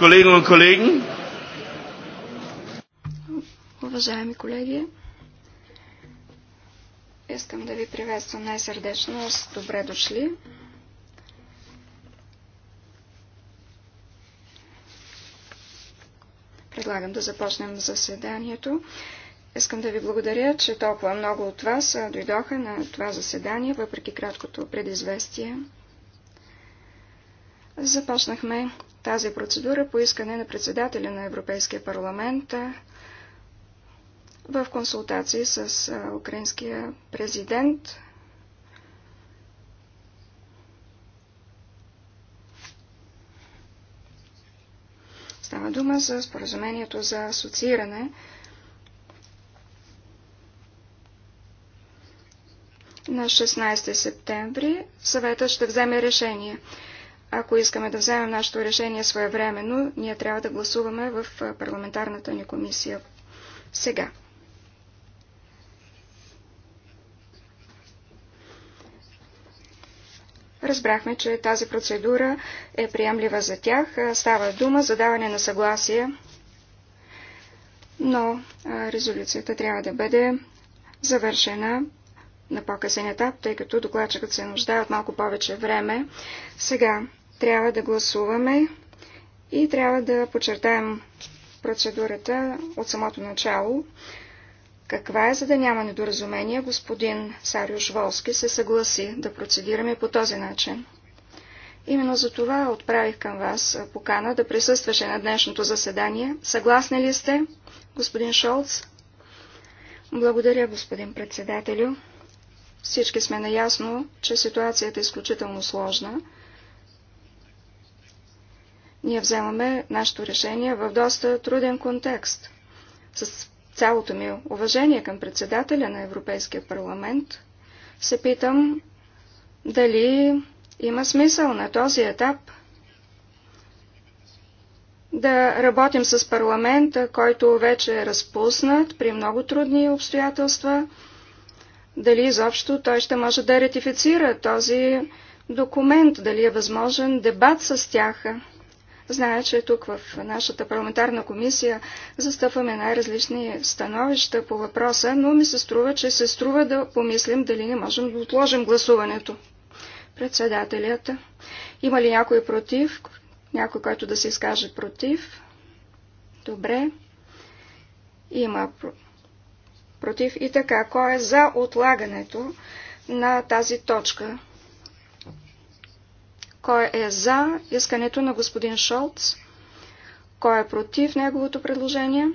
Kolleginnen und Kollegen. Уважаеми колеги, искам да ви приветствам най-сърдечно добре дошли. Предлагам да започнем заседанието. Искам да ви благодаря, че толкова много от вас дойдоха на това заседание, въпреки краткото предизвестие. Започнахме тази процедура по искане на председателя на Европейския парламент в консултации с украинския президент. Става дума за споразумението за асоцииране на 16 септември съветът ще вземе решение. Ако искаме да вземем нашето решение своевременно, ние трябва да гласуваме в парламентарната ни комисия сега. Разбрахме, че тази процедура е приемлива за тях. Става дума за даване на съгласие, но резолюцията трябва да бъде завършена на по-късен етап, тъй като докладчикът се нуждае от малко повече време. Сега трябва да гласуваме и трябва да подчертаем процедурата от самото начало. Каква е, за да няма недоразумение, господин Сариуш Волски се съгласи да процедираме по този начин. Именно за това отправих към вас покана да присъстваше на днешното заседание. Съгласни ли сте, господин Шолц? Благодаря, господин председателю. Всички сме наясно, че ситуацията е изключително сложна – ние вземаме нашето решение в доста труден контекст. С цялото ми уважение към председателя на Европейския парламент, се питам дали има смисъл на този етап да работим с парламента, който вече е разпуснат при много трудни обстоятелства, дали изобщо той ще може да ратифицира този документ, дали е възможен дебат с тях. Зная, че тук в нашата парламентарна комисия застъпваме най-различни становища по въпроса, но ми се струва, че се струва да помислим дали не можем да отложим гласуването. Председателята. Има ли някой против? Някой, който да се изкаже против? Добре. Има против. И така, кой е за отлагането на тази точка? Кой е за искането на господин Шолц? Кой е против неговото предложение?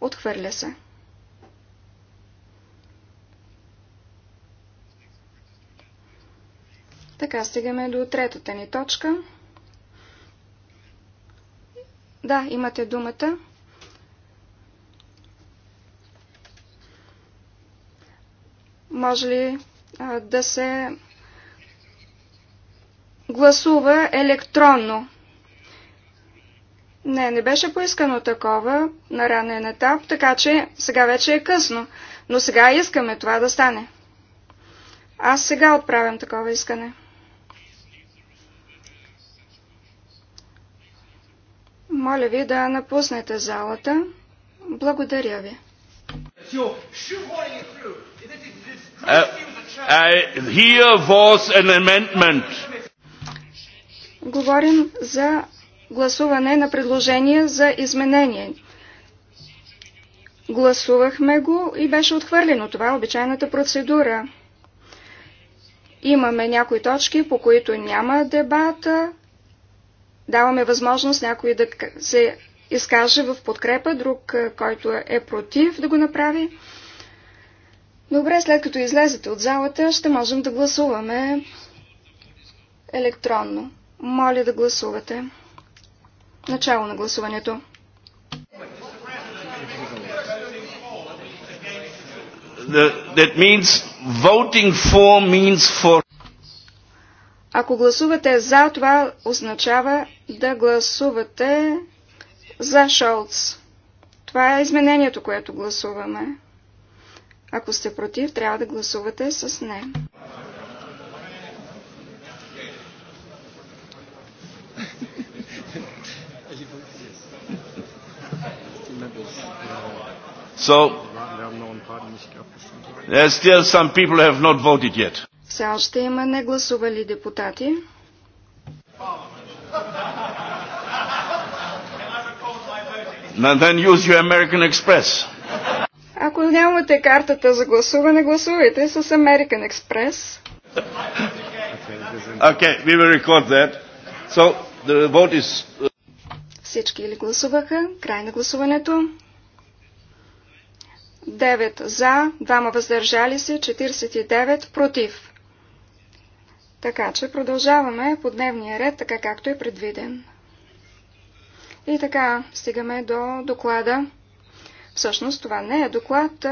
Отхвърля се. Така стигаме до третата ни точка. Да, имате думата. Може ли да се гласува електронно. Не, не беше поискано такова на ранен етап, така че сега вече е късно. Но сега искаме това да стане. Аз сега отправям такова искане. Моля ви да напуснете залата. Благодаря ви. Uh, Uh, here was an amendment. Говорим за гласуване на предложение за изменение. Гласувахме го и беше отхвърлено. Това е обичайната процедура. Имаме някои точки, по които няма дебата. Даваме възможност някой да се изкаже в подкрепа, друг, който е против, да го направи. Добре, след като излезете от залата, ще можем да гласуваме електронно. Моля да гласувате. Начало на гласуването. that means voting for means for. Ако гласувате за, това означава да гласувате за Шолц. Това е изменението, което гласуваме. Ако сте против, трябва да гласувате с не. So, there still some people have not voted yet. Все още има негласували депутати. Now then use your American Express. Ако нямате картата за гласуване, гласувайте с American Express. Okay, we will record that. So, the vote is... Всички ли гласуваха? Край на гласуването. 9 за, 2 въздържали се, 49 против. Така че продължаваме по дневния ред, така както е предвиден. И така стигаме до доклада Всъщност това не е доклад,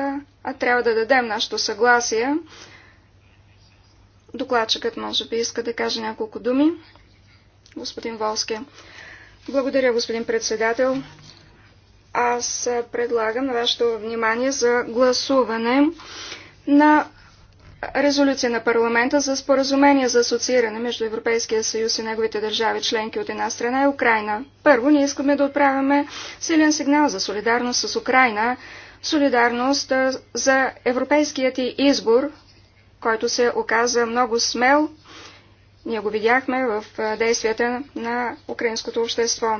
а трябва да дадем нашето съгласие. Докладчикът може би иска да каже няколко думи. Господин Волски. Благодаря, господин председател. Аз предлагам на вашето внимание за гласуване на резолюция на парламента за споразумение за асоцииране между Европейския съюз и неговите държави членки от една страна и Украина. Първо, ние искаме да отправяме силен сигнал за солидарност с Украина, солидарност за европейският и избор, който се оказа много смел. Ние го видяхме в действията на украинското общество.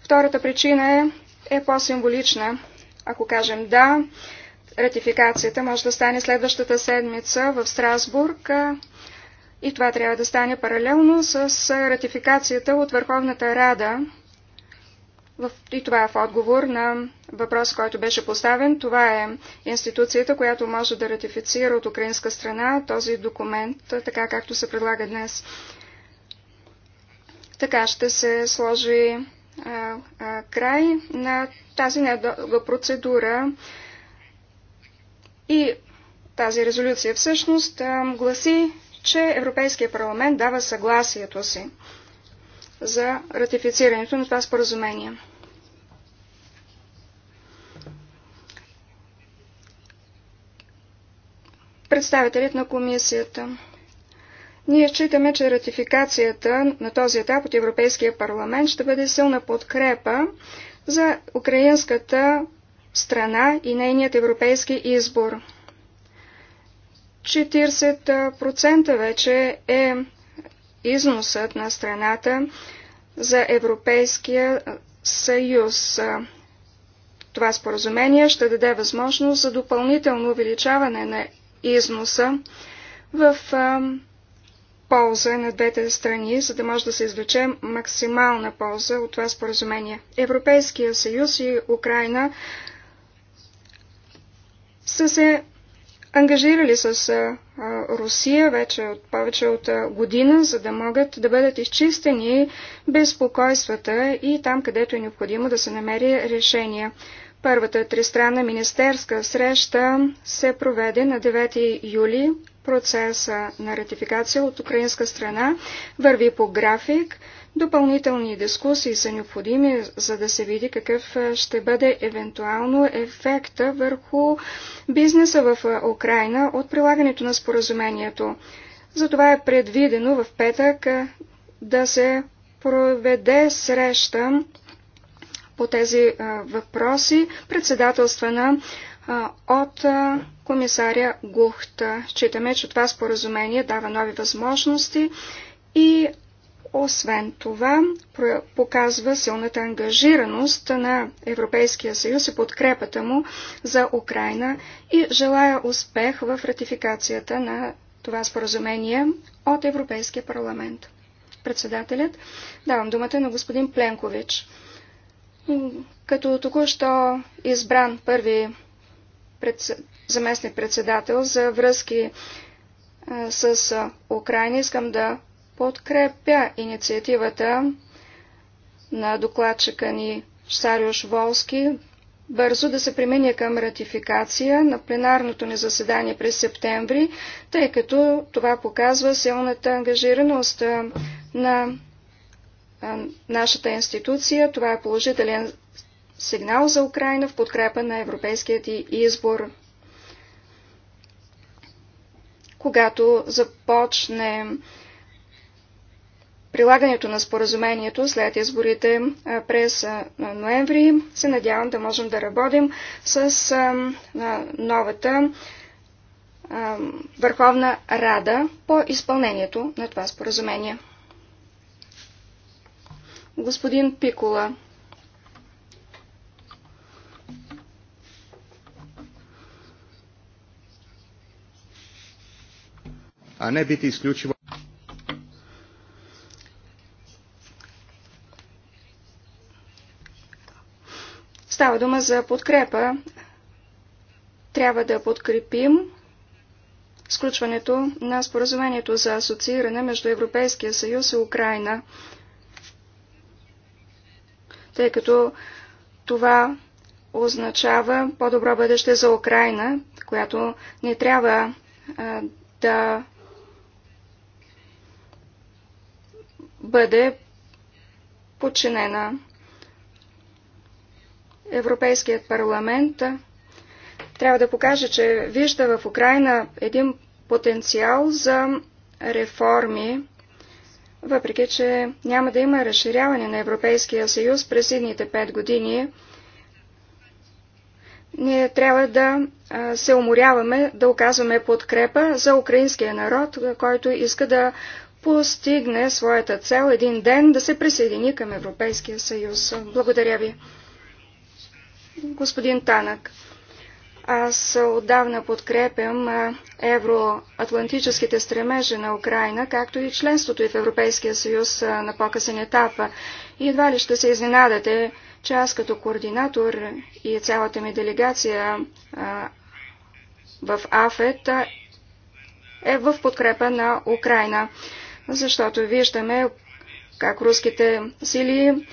Втората причина е, е по-символична. Ако кажем да, Ратификацията може да стане следващата седмица в Страсбург и това трябва да стане паралелно с ратификацията от Върховната Рада. И това е в отговор на въпрос, който беше поставен. Това е институцията, която може да ратифицира от украинска страна този документ, така както се предлага днес. Така ще се сложи а, а, край на тази недълга процедура и тази резолюция всъщност гласи, че Европейския парламент дава съгласието си за ратифицирането на това споразумение. Представителят на комисията. Ние считаме, че ратификацията на този етап от Европейския парламент ще бъде силна подкрепа за украинската страна и нейният европейски избор. 40% вече е износът на страната за Европейския съюз. Това споразумение ще даде възможност за допълнително увеличаване на износа в полза на двете страни, за да може да се извлече максимална полза от това споразумение. Европейския съюз и Украина са се ангажирали с а, Русия вече от повече от а, година, за да могат да бъдат изчистени безпокойствата и там, където е необходимо да се намери решение. Първата тристранна министерска среща се проведе на 9 юли. Процеса на ратификация от украинска страна върви по график. Допълнителни дискусии са необходими, за да се види какъв ще бъде евентуално ефекта върху бизнеса в Украина от прилагането на споразумението. Затова е предвидено в петък да се проведе среща по тези въпроси, председателствана от комисаря Гухта. Читаме, че това споразумение дава нови възможности и освен това, показва силната ангажираност на Европейския съюз и подкрепата му за Украина и желая успех в ратификацията на това споразумение от Европейския парламент. Председателят, давам думата на господин Пленкович. Като току-що избран първи заместник председател за връзки с Украина, искам да подкрепя инициативата на докладчика ни Сариош Волски бързо да се премине към ратификация на пленарното ни заседание през септември, тъй като това показва силната ангажираност на нашата институция. Това е положителен сигнал за Украина в подкрепа на европейският и избор. Когато започне прилагането на споразумението след изборите през ноември. Се надявам да можем да работим с новата Върховна Рада по изпълнението на това споразумение. Господин Пикола. а не бити изключва Става дума за подкрепа. Трябва да подкрепим сключването на споразумението за асоцииране между Европейския съюз и Украина, тъй като това означава по-добро бъдеще за Украина, която не трябва а, да бъде подчинена Европейският парламент трябва да покаже, че вижда в Украина един потенциал за реформи, въпреки че няма да има разширяване на Европейския съюз през едните пет години. Ние трябва да се уморяваме, да оказваме подкрепа за украинския народ, който иска да постигне своята цел един ден да се присъедини към Европейския съюз. Благодаря ви господин Танък. Аз отдавна подкрепям евроатлантическите стремежи на Украина, както и членството и в Европейския съюз на по-късен етап. И едва ли ще се изненадате, че аз като координатор и цялата ми делегация в АФЕТ е в подкрепа на Украина, защото виждаме как руските сили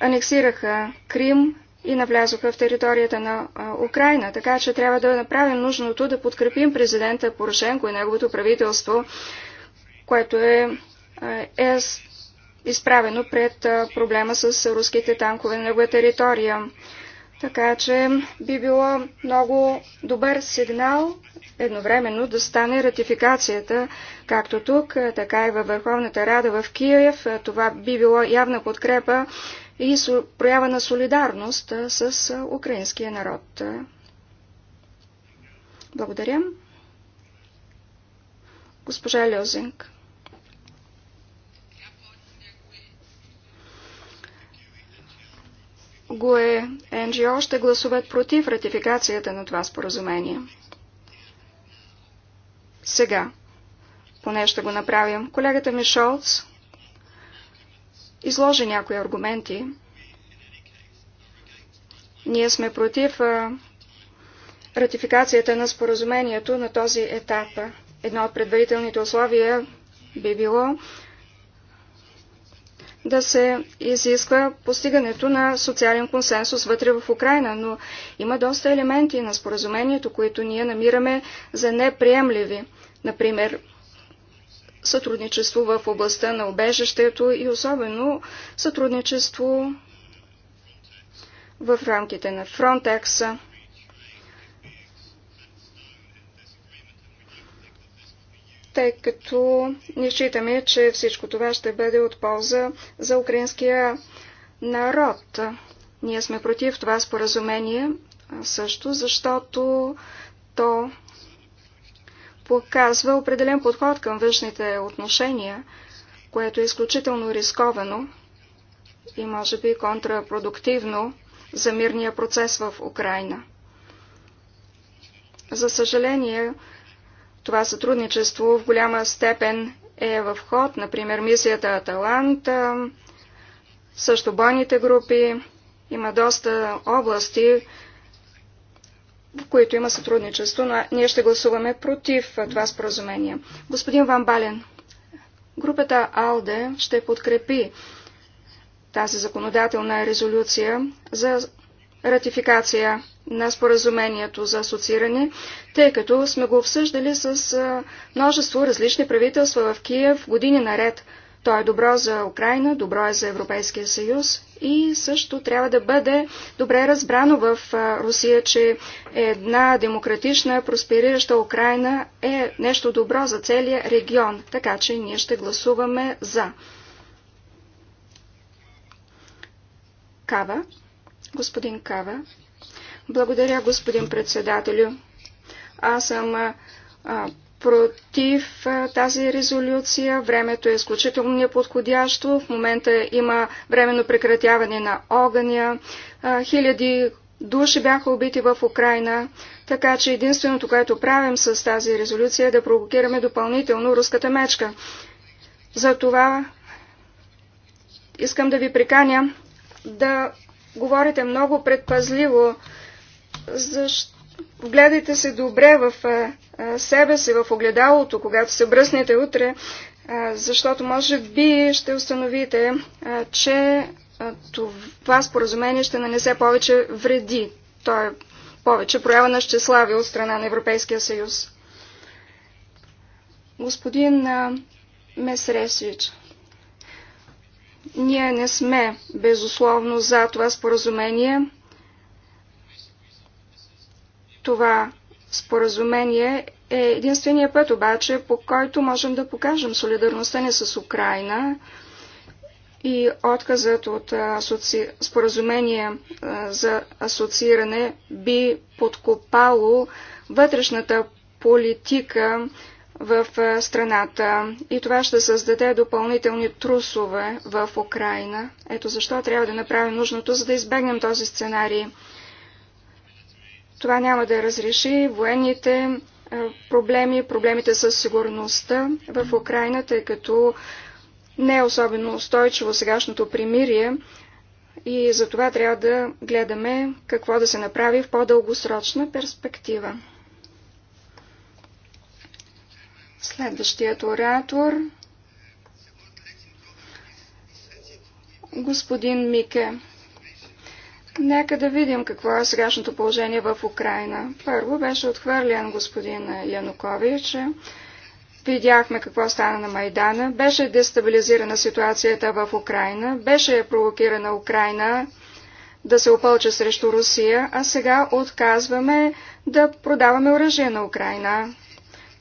анексираха Крим и навлязоха в територията на Украина. Така че трябва да направим нужното да подкрепим президента Порошенко и неговото правителство, което е, е изправено пред проблема с руските танкове на негова територия. Така че би било много добър сигнал едновременно да стане ратификацията, както тук, така и във Върховната Рада в Киев. Това би било явна подкрепа и проява на солидарност с украинския народ. Благодаря. Госпожа Льозинг. ГУЕ НГО ще гласуват против ратификацията на това споразумение. Сега, поне ще го направим. Колегата ми Шолц изложи някои аргументи. Ние сме против ратификацията на споразумението на този етап. Едно от предварителните условия би било да се изисква постигането на социален консенсус вътре в Украина, но има доста елементи на споразумението, които ние намираме за неприемливи. Например, сътрудничество в областта на обежището и особено сътрудничество в рамките на Фронтекса. тъй като не считаме, че всичко това ще бъде от полза за украинския народ. Ние сме против това споразумение също, защото то показва определен подход към външните отношения, което е изключително рисковано и може би контрапродуктивно за мирния процес в Украина. За съжаление, това сътрудничество в голяма степен е в ход, например мисията Аталанта, също бойните групи. Има доста области, в които има сътрудничество, но ние ще гласуваме против това споразумение. Господин Ван Бален, групата АЛДЕ ще подкрепи тази законодателна резолюция за ратификация на споразумението за асоцииране, тъй като сме го обсъждали с множество различни правителства в Киев години наред. То е добро за Украина, добро е за Европейския съюз и също трябва да бъде добре разбрано в Русия, че една демократична, просперираща Украина е нещо добро за целия регион. Така че ние ще гласуваме за. Кава. Господин Кава. Благодаря, господин председателю. Аз съм а, против тази резолюция. Времето е изключително неподходящо. В момента има временно прекратяване на огъня. Хиляди души бяха убити в Украина. Така че единственото, което правим с тази резолюция е да провокираме допълнително руската мечка. Затова искам да ви приканя да говорите много предпазливо, защото Гледайте се добре в себе си, в огледалото, когато се бръснете утре, защото може би ще установите, че това споразумение ще нанесе повече вреди. То е повече проява на щеславие от страна на Европейския съюз. Господин Месресич, ние не сме безусловно за това споразумение. Това споразумение е единствения път обаче, по който можем да покажем солидарността ни с Украина и отказът от асоци... споразумение за асоцииране би подкопало вътрешната политика в страната и това ще създаде допълнителни трусове в Украина. Ето защо трябва да направим нужното, за да избегнем този сценарий. Това няма да разреши военните е, проблеми, проблемите с сигурността в Украина, тъй като не е особено устойчиво сегашното примирие и за това трябва да гледаме какво да се направи в по-дългосрочна перспектива. Следващият оратор господин Мике. Нека да видим какво е сегашното положение в Украина. Първо беше отхвърлен господин Янукович. Видяхме какво стана на Майдана. Беше дестабилизирана ситуацията в Украина. Беше провокирана Украина да се опълча срещу Русия, а сега отказваме да продаваме оръжие на Украина.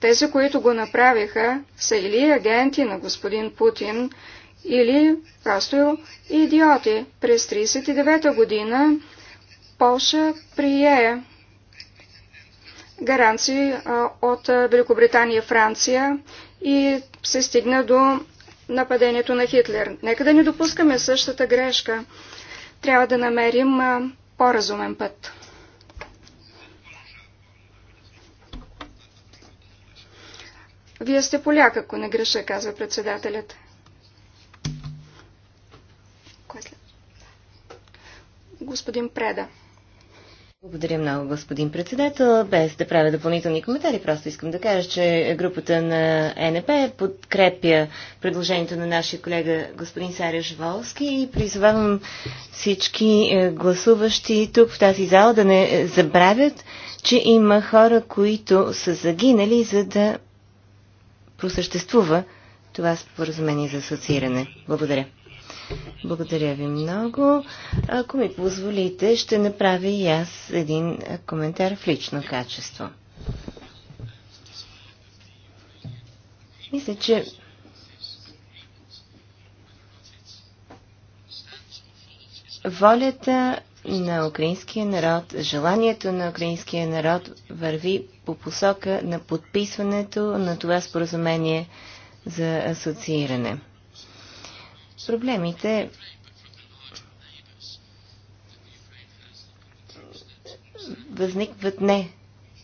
Тези, които го направиха, са или агенти на господин Путин, или просто идиоти. През 1939 година Полша прие гаранции от Великобритания и Франция и се стигна до нападението на Хитлер. Нека да не допускаме същата грешка. Трябва да намерим по-разумен път. Вие сте поляк, ако не греша, казва председателят. господин Преда. Благодаря много, господин председател. Без да правя допълнителни коментари, просто искам да кажа, че групата на НП подкрепя предложението на нашия колега господин Саря Волски и призовавам всички е, гласуващи тук в тази зала да не забравят, че има хора, които са загинали, за да просъществува това споразумение за асоцииране. Благодаря. Благодаря ви много. Ако ми позволите, ще направя и аз един коментар в лично качество. Мисля, че волята на украинския народ, желанието на украинския народ върви по посока на подписването на това споразумение за асоцииране проблемите възникват не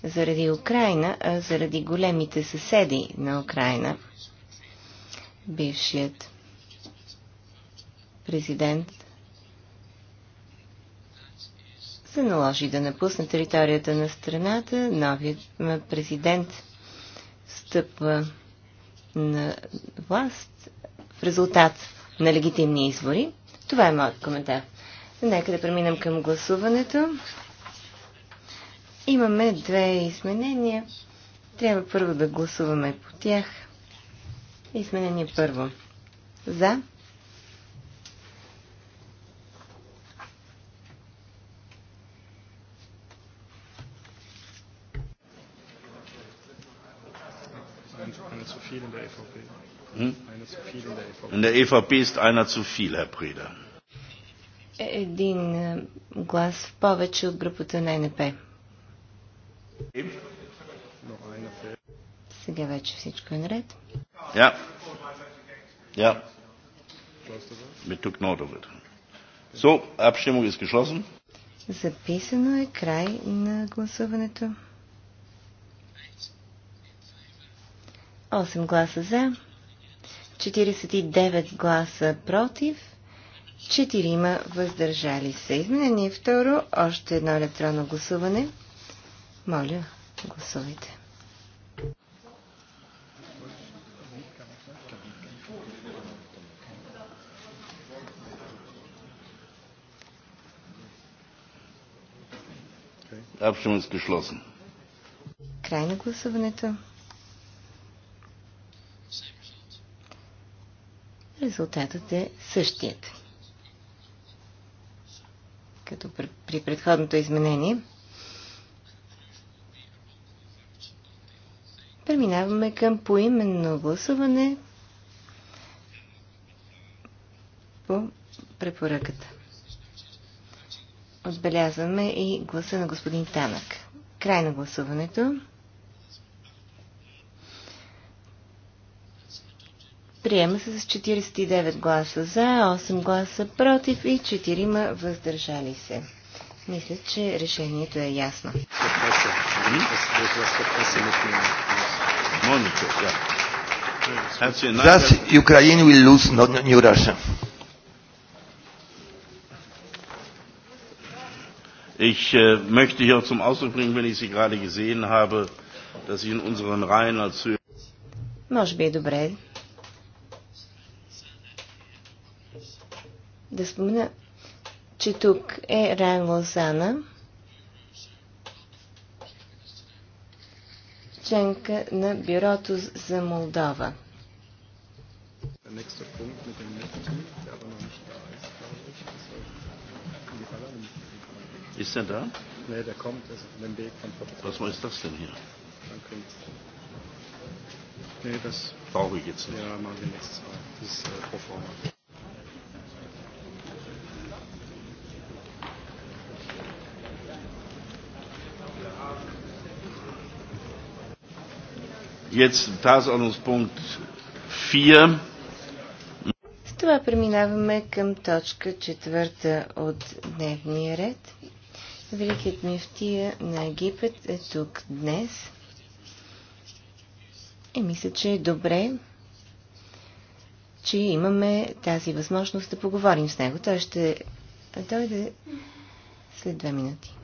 заради Украина, а заради големите съседи на Украина. Бившият президент се наложи да напусне територията на страната. Новият президент стъпва на власт в резултат на легитимни избори. Това е моят коментар. Нека да преминем към гласуването. Имаме две изменения. Трябва първо да гласуваме по тях. Изменение първо. За. vielen der EVP. Hm? In der EVP e ist einer zu viel, Herr Preda. Един е, глас в повече от групата на НП. Сега вече всичко е наред. Ja. Ja. Mit Tuknordowit. So, Abstimmung ist geschlossen. Записано е край на гласуването. 8 гласа за, 49 гласа против, 4 въздържали се. Изменение второ, още едно електронно гласуване. Моля, гласувайте. Abstimmung е geschlossen. Край на гласуването. резултатът е същият. Като при предходното изменение. Преминаваме към поименно гласуване по препоръката. Отбелязваме и гласа на господин Танък. Край на гласуването. Приема се с 49 гласа за, 8 гласа против и 4 въздържали се. Мисля, че решението е ясно. Thus, Ukraine will lose, not new Russia. Ich äh, möchte hier zum Ausdruck bringen, wenn ich Sie gerade gesehen habe, dass ich in unseren Reihen als Syrer. би е добре да спомена, че тук е Райан Лозана, членка на Бюрото за Молдова. Ist er da? Nee, der kommt, auf dem Weg Was ist das denn hier? Nee, das brauche ich jetzt nicht. Ja, machen wir nächstes Mal. Das ist äh, Jetzt Tagesordnungspunkt 4. С това преминаваме към точка четвърта от дневния ред. Великият мифтия на Египет е тук днес. И мисля, че е добре, че имаме тази възможност да поговорим с него. Той ще дойде след две минути.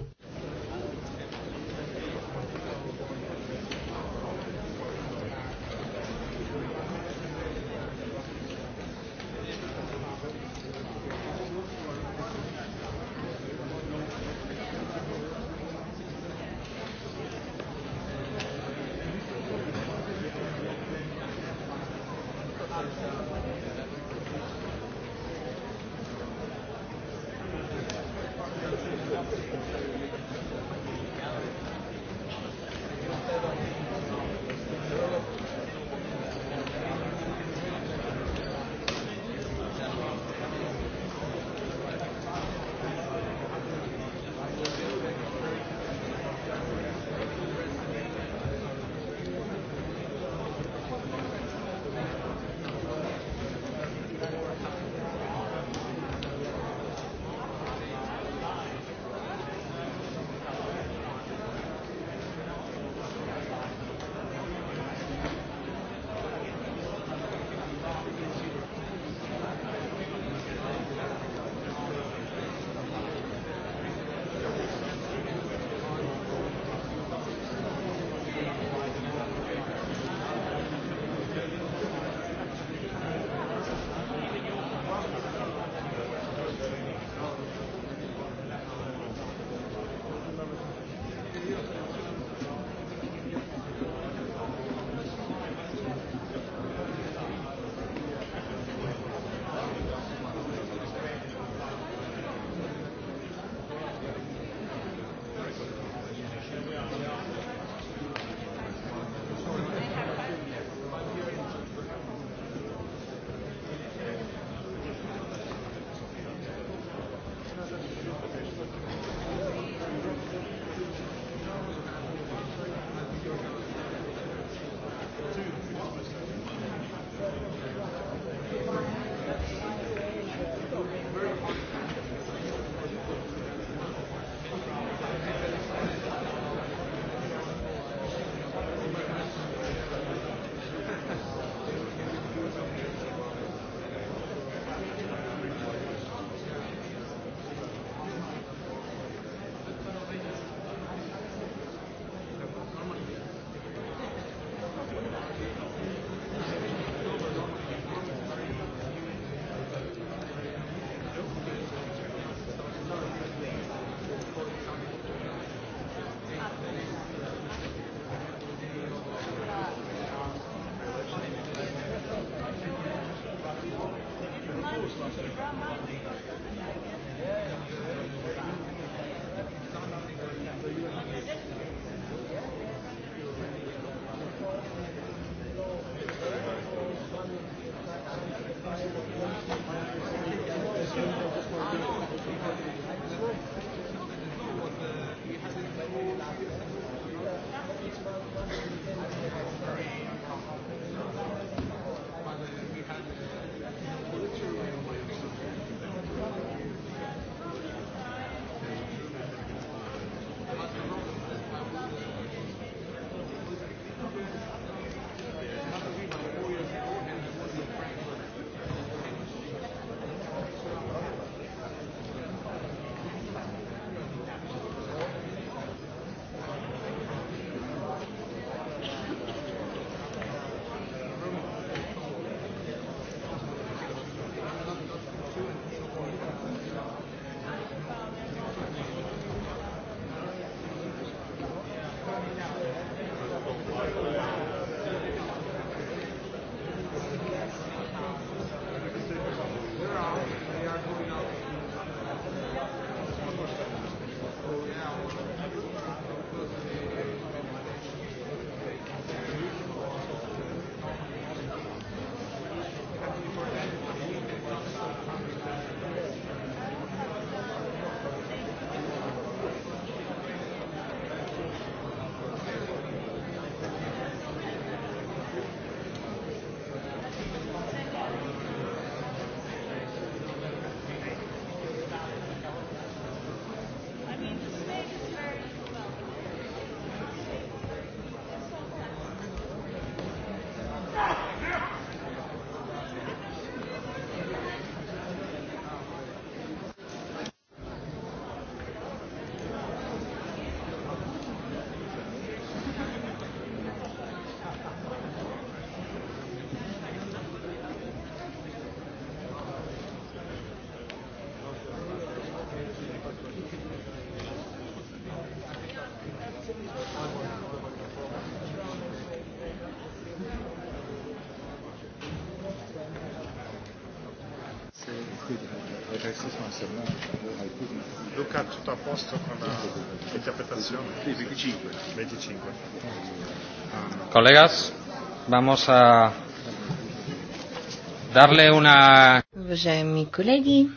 tutto a posto con l'interpretazione? Sì, 25. 25. Colegas, vamos a darle una... Уважаеми колеги,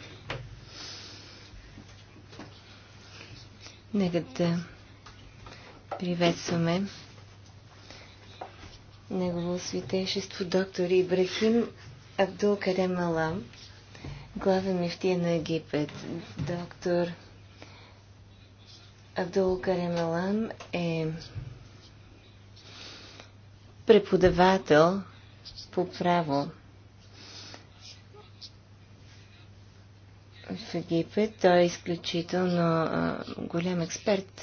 нека да приветстваме Негово святейшество доктор Ибрахим Абдул Карем Алам, главен мифтия на Египет. Доктор Абдул Каремалам е преподавател по право в Египет. Той е изключително а, голям експерт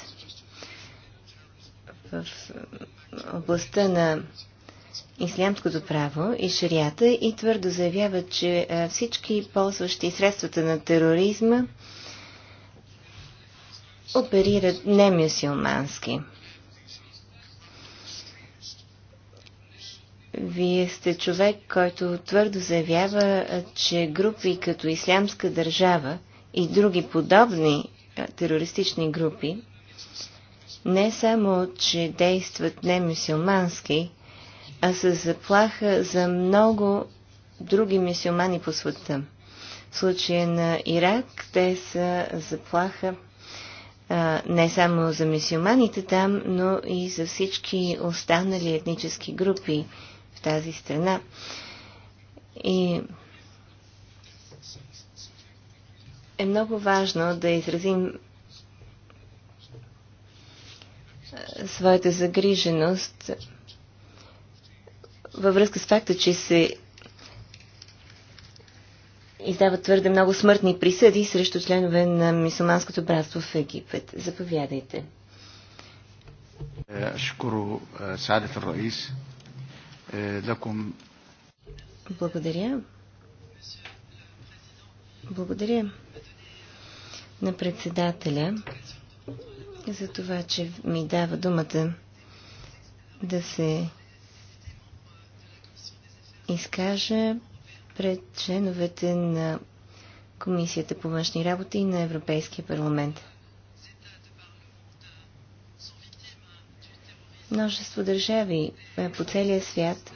в областта на ислямското право и шарията и твърдо заявява, че а, всички ползващи средствата на тероризма оперират немюсюлмански. Вие сте човек, който твърдо заявява, че групи като Ислямска държава и други подобни терористични групи не само, че действат немюсюлмански, а са заплаха за много други мюсюлмани по света. В случая на Ирак те са заплаха не само за мисиоманите там, но и за всички останали етнически групи в тази страна. И е много важно да изразим своята загриженост във връзка с факта, че се издава твърде много смъртни присъди срещу членове на мисулманското братство в Египет. Заповядайте. Е, е, е, Благодаря. Благодаря на председателя за това, че ми дава думата да се изкажа пред членовете на Комисията по външни работи и на Европейския парламент. Множество държави е, по целия свят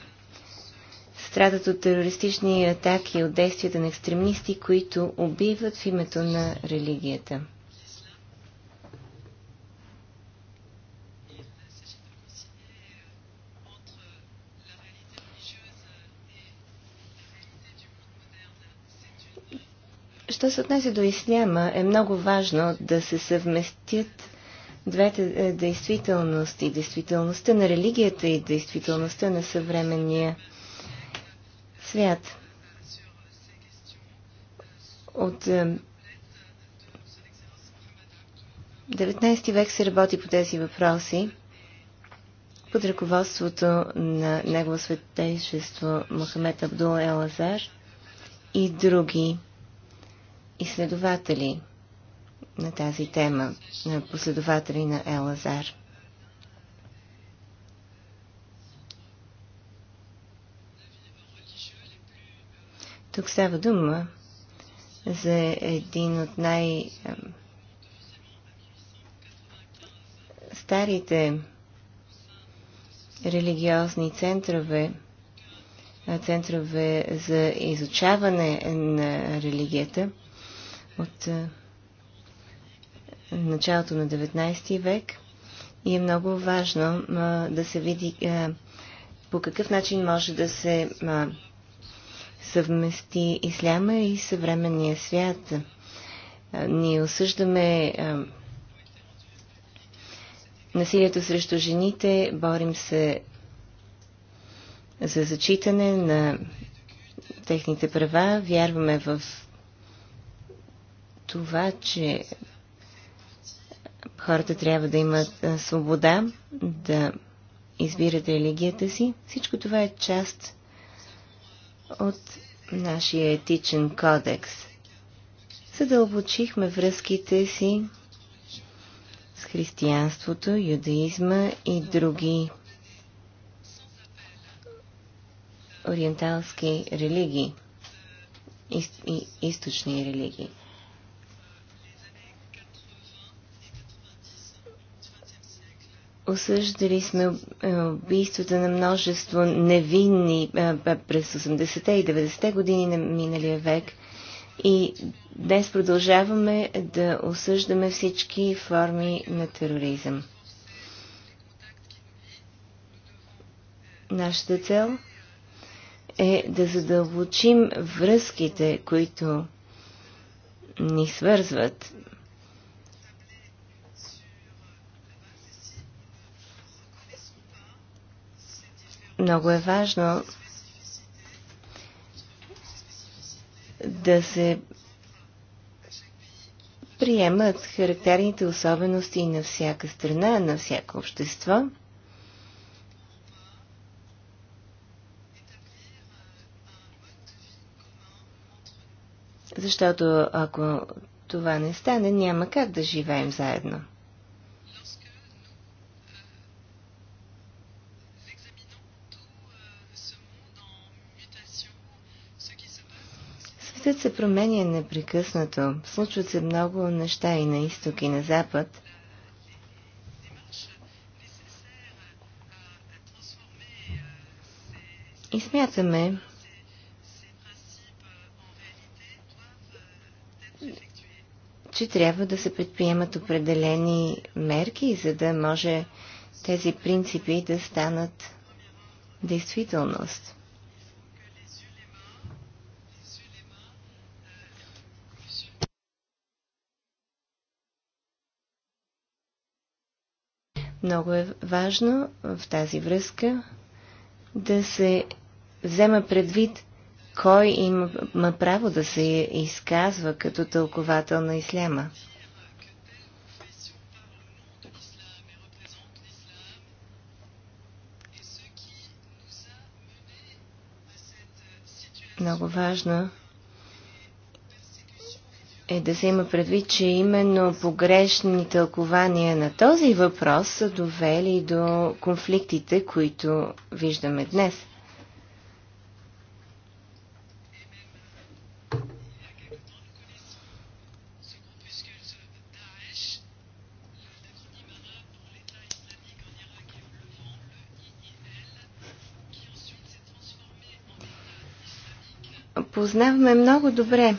страдат от терористични атаки от действията на екстремисти, които убиват в името на религията. Що се отнесе до исляма, е много важно да се съвместят двете е, действителности, действителността на религията и действителността на съвременния свят. От 19 е, век се работи по тези въпроси под ръководството на Негово светейшество Мохамед Абдул Елазар и други изследователи на тази тема, последователи на Елазар. Тук става дума за един от най- старите религиозни центрове, центрове за изучаване на религията – от е, началото на 19 век и е много важно да се види е, по какъв начин може да се съвмести исляма и съвременния свят. Ние осъждаме насилието срещу жените, борим се за зачитане на техните права, вярваме в това, че хората трябва да имат е, свобода да избират религията си, всичко това е част от нашия етичен кодекс. Задълбочихме връзките си с християнството, юдаизма и други ориенталски религии, и, и, източни религии. Осъждали сме е, убийствата на множество невинни е, е, през 80-те и 90-те години на миналия век. И днес продължаваме да осъждаме всички форми на тероризъм. Нашата цел е да задълбочим връзките, които ни свързват много е важно да се приемат характерните особености на всяка страна, на всяко общество. Защото ако това не стане, няма как да живеем заедно. Светът се променя непрекъснато. Случват се много неща и на изток, и на запад. И смятаме, че трябва да се предприемат определени мерки, за да може тези принципи да станат действителност. Много е важно в тази връзка да се взема предвид кой има право да се изказва като тълковател на исляма. Много важно е е да се има предвид, че именно погрешни тълкования на този въпрос са довели до конфликтите, които виждаме днес. Познаваме много добре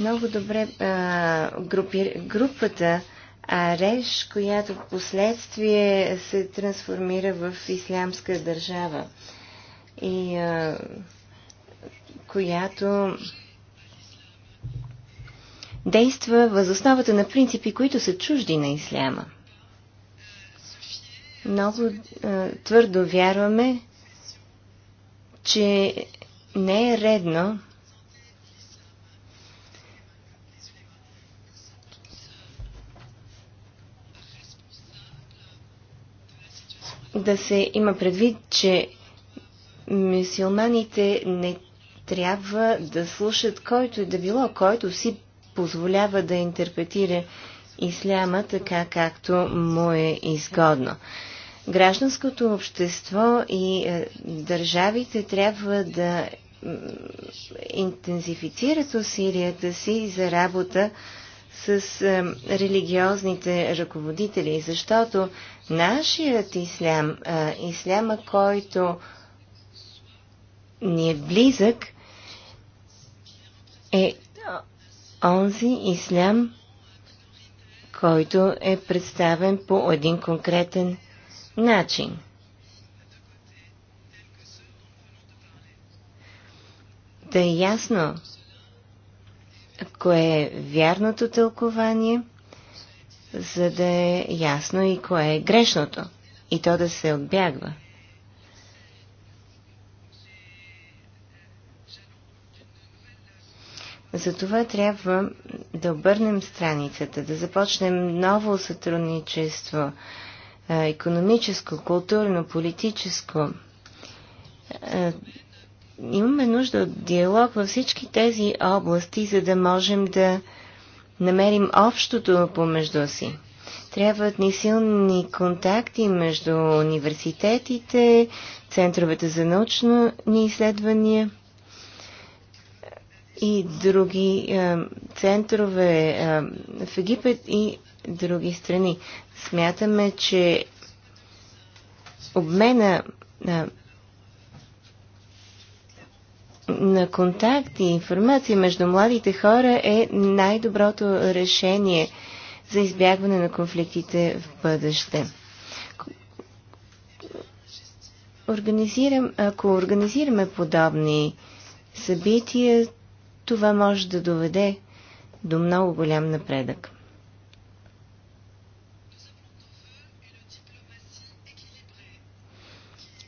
много добре а, групи, групата Ареш, която в последствие се трансформира в ислямска държава и а, която действа въз основата на принципи, които са чужди на исляма. Много а, твърдо вярваме, че не е редно да се има предвид, че мюсюлманите не трябва да слушат който и да било, който си позволява да интерпретира исляма така, както му е изгодно. Гражданското общество и е, държавите трябва да интензифицират усилията си за работа с религиозните ръководители, защото нашият ислям, исляма, който ни е близък, е онзи ислям, който е представен по един конкретен начин. Да е ясно, кое е вярното тълкование, за да е ясно и кое е грешното и то да се отбягва. Затова трябва да обърнем страницата, да започнем ново сътрудничество, економическо, културно, политическо, е, имаме нужда от диалог във всички тези области, за да можем да намерим общото помежду си. Трябват ни силни контакти между университетите, центровете за научни изследвания и други е, центрове е, в Египет и други страни. Смятаме, че обмена на е, на контакт и информация между младите хора е най-доброто решение за избягване на конфликтите в бъдеще. Организирам, ако организираме подобни събития, това може да доведе до много голям напредък.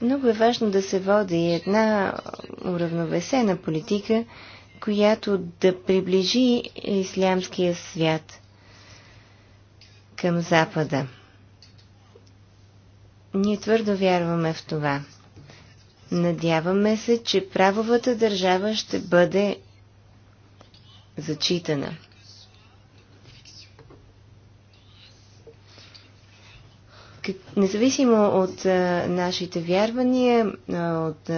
Много е важно да се води една уравновесена политика, която да приближи ислямския свят към Запада. Ние твърдо вярваме в това. Надяваме се, че правовата държава ще бъде зачитана. независимо от нашите вярвания, от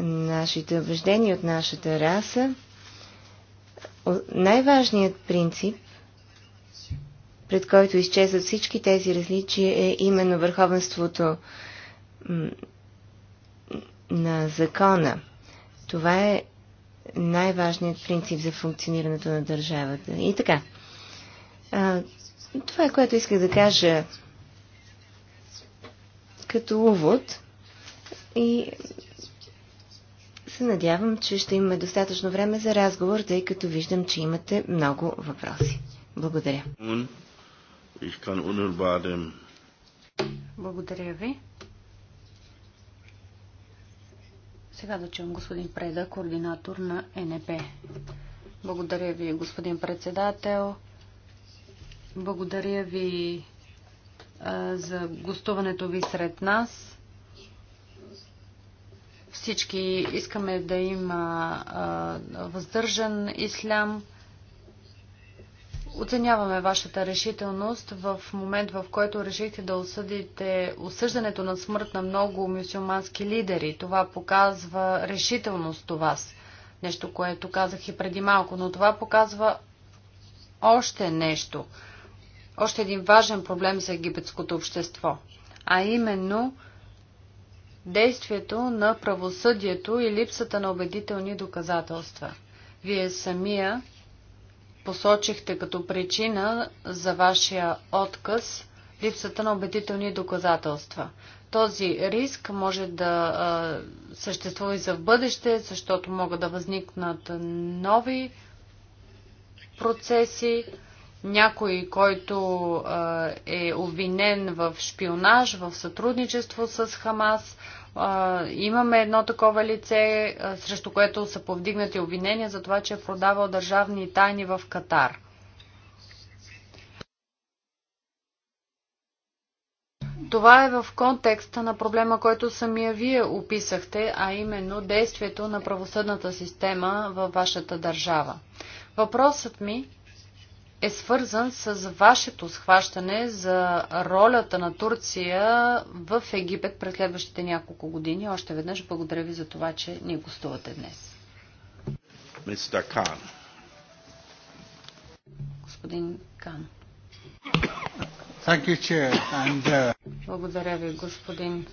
нашите убеждения, от нашата раса, най-важният принцип, пред който изчезват всички тези различия, е именно върховенството на закона. Това е най-важният принцип за функционирането на държавата. И така. това е което исках да кажа като увод и се надявам, че ще имаме достатъчно време за разговор, тъй като виждам, че имате много въпроси. Благодаря. Благодаря ви. Сега да чуем господин Преда, координатор на НП. Благодаря ви, господин председател. Благодаря ви за гостуването ви сред нас. Всички искаме да има въздържан ислям. Оценяваме вашата решителност в момент, в който решихте да осъдите осъждането на смърт на много мюсюлмански лидери. Това показва решителност у вас. Нещо, което казах и преди малко, но това показва още нещо – още един важен проблем за египетското общество, а именно действието на правосъдието и липсата на убедителни доказателства. Вие самия посочихте като причина за вашия отказ липсата на убедителни доказателства. Този риск може да а, съществува и за в бъдеще, защото могат да възникнат нови процеси, някой, който е обвинен в шпионаж, в сътрудничество с Хамас. Имаме едно такова лице, срещу което са повдигнати обвинения за това, че е продавал държавни тайни в Катар. Това е в контекста на проблема, който самия вие описахте, а именно действието на правосъдната система във вашата държава. Въпросът ми е свързан с вашето схващане за ролята на Турция в Египет през следващите няколко години. Още веднъж благодаря ви за това, че ни гостувате днес. Мистер Кан. Господин Кан. You, And, uh... Благодаря ви, господин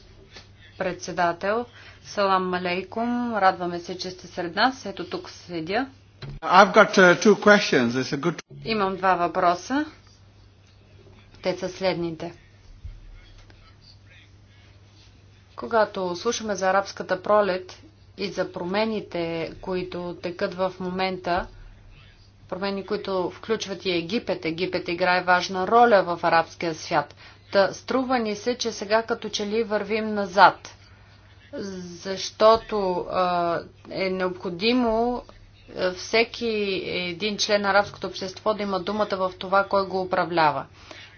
председател. Салам алейкум. Радваме се, че сте сред нас. Ето тук седя. Uh, good... Имам два въпроса. Те са следните. Когато слушаме за арабската пролет и за промените, които текат в момента, промени, които включват и Египет. Египет играе важна роля в арабския свят. Та струва ни се, че сега като че ли вървим назад, защото е необходимо всеки един член на арабското общество да има думата в това, кой го управлява.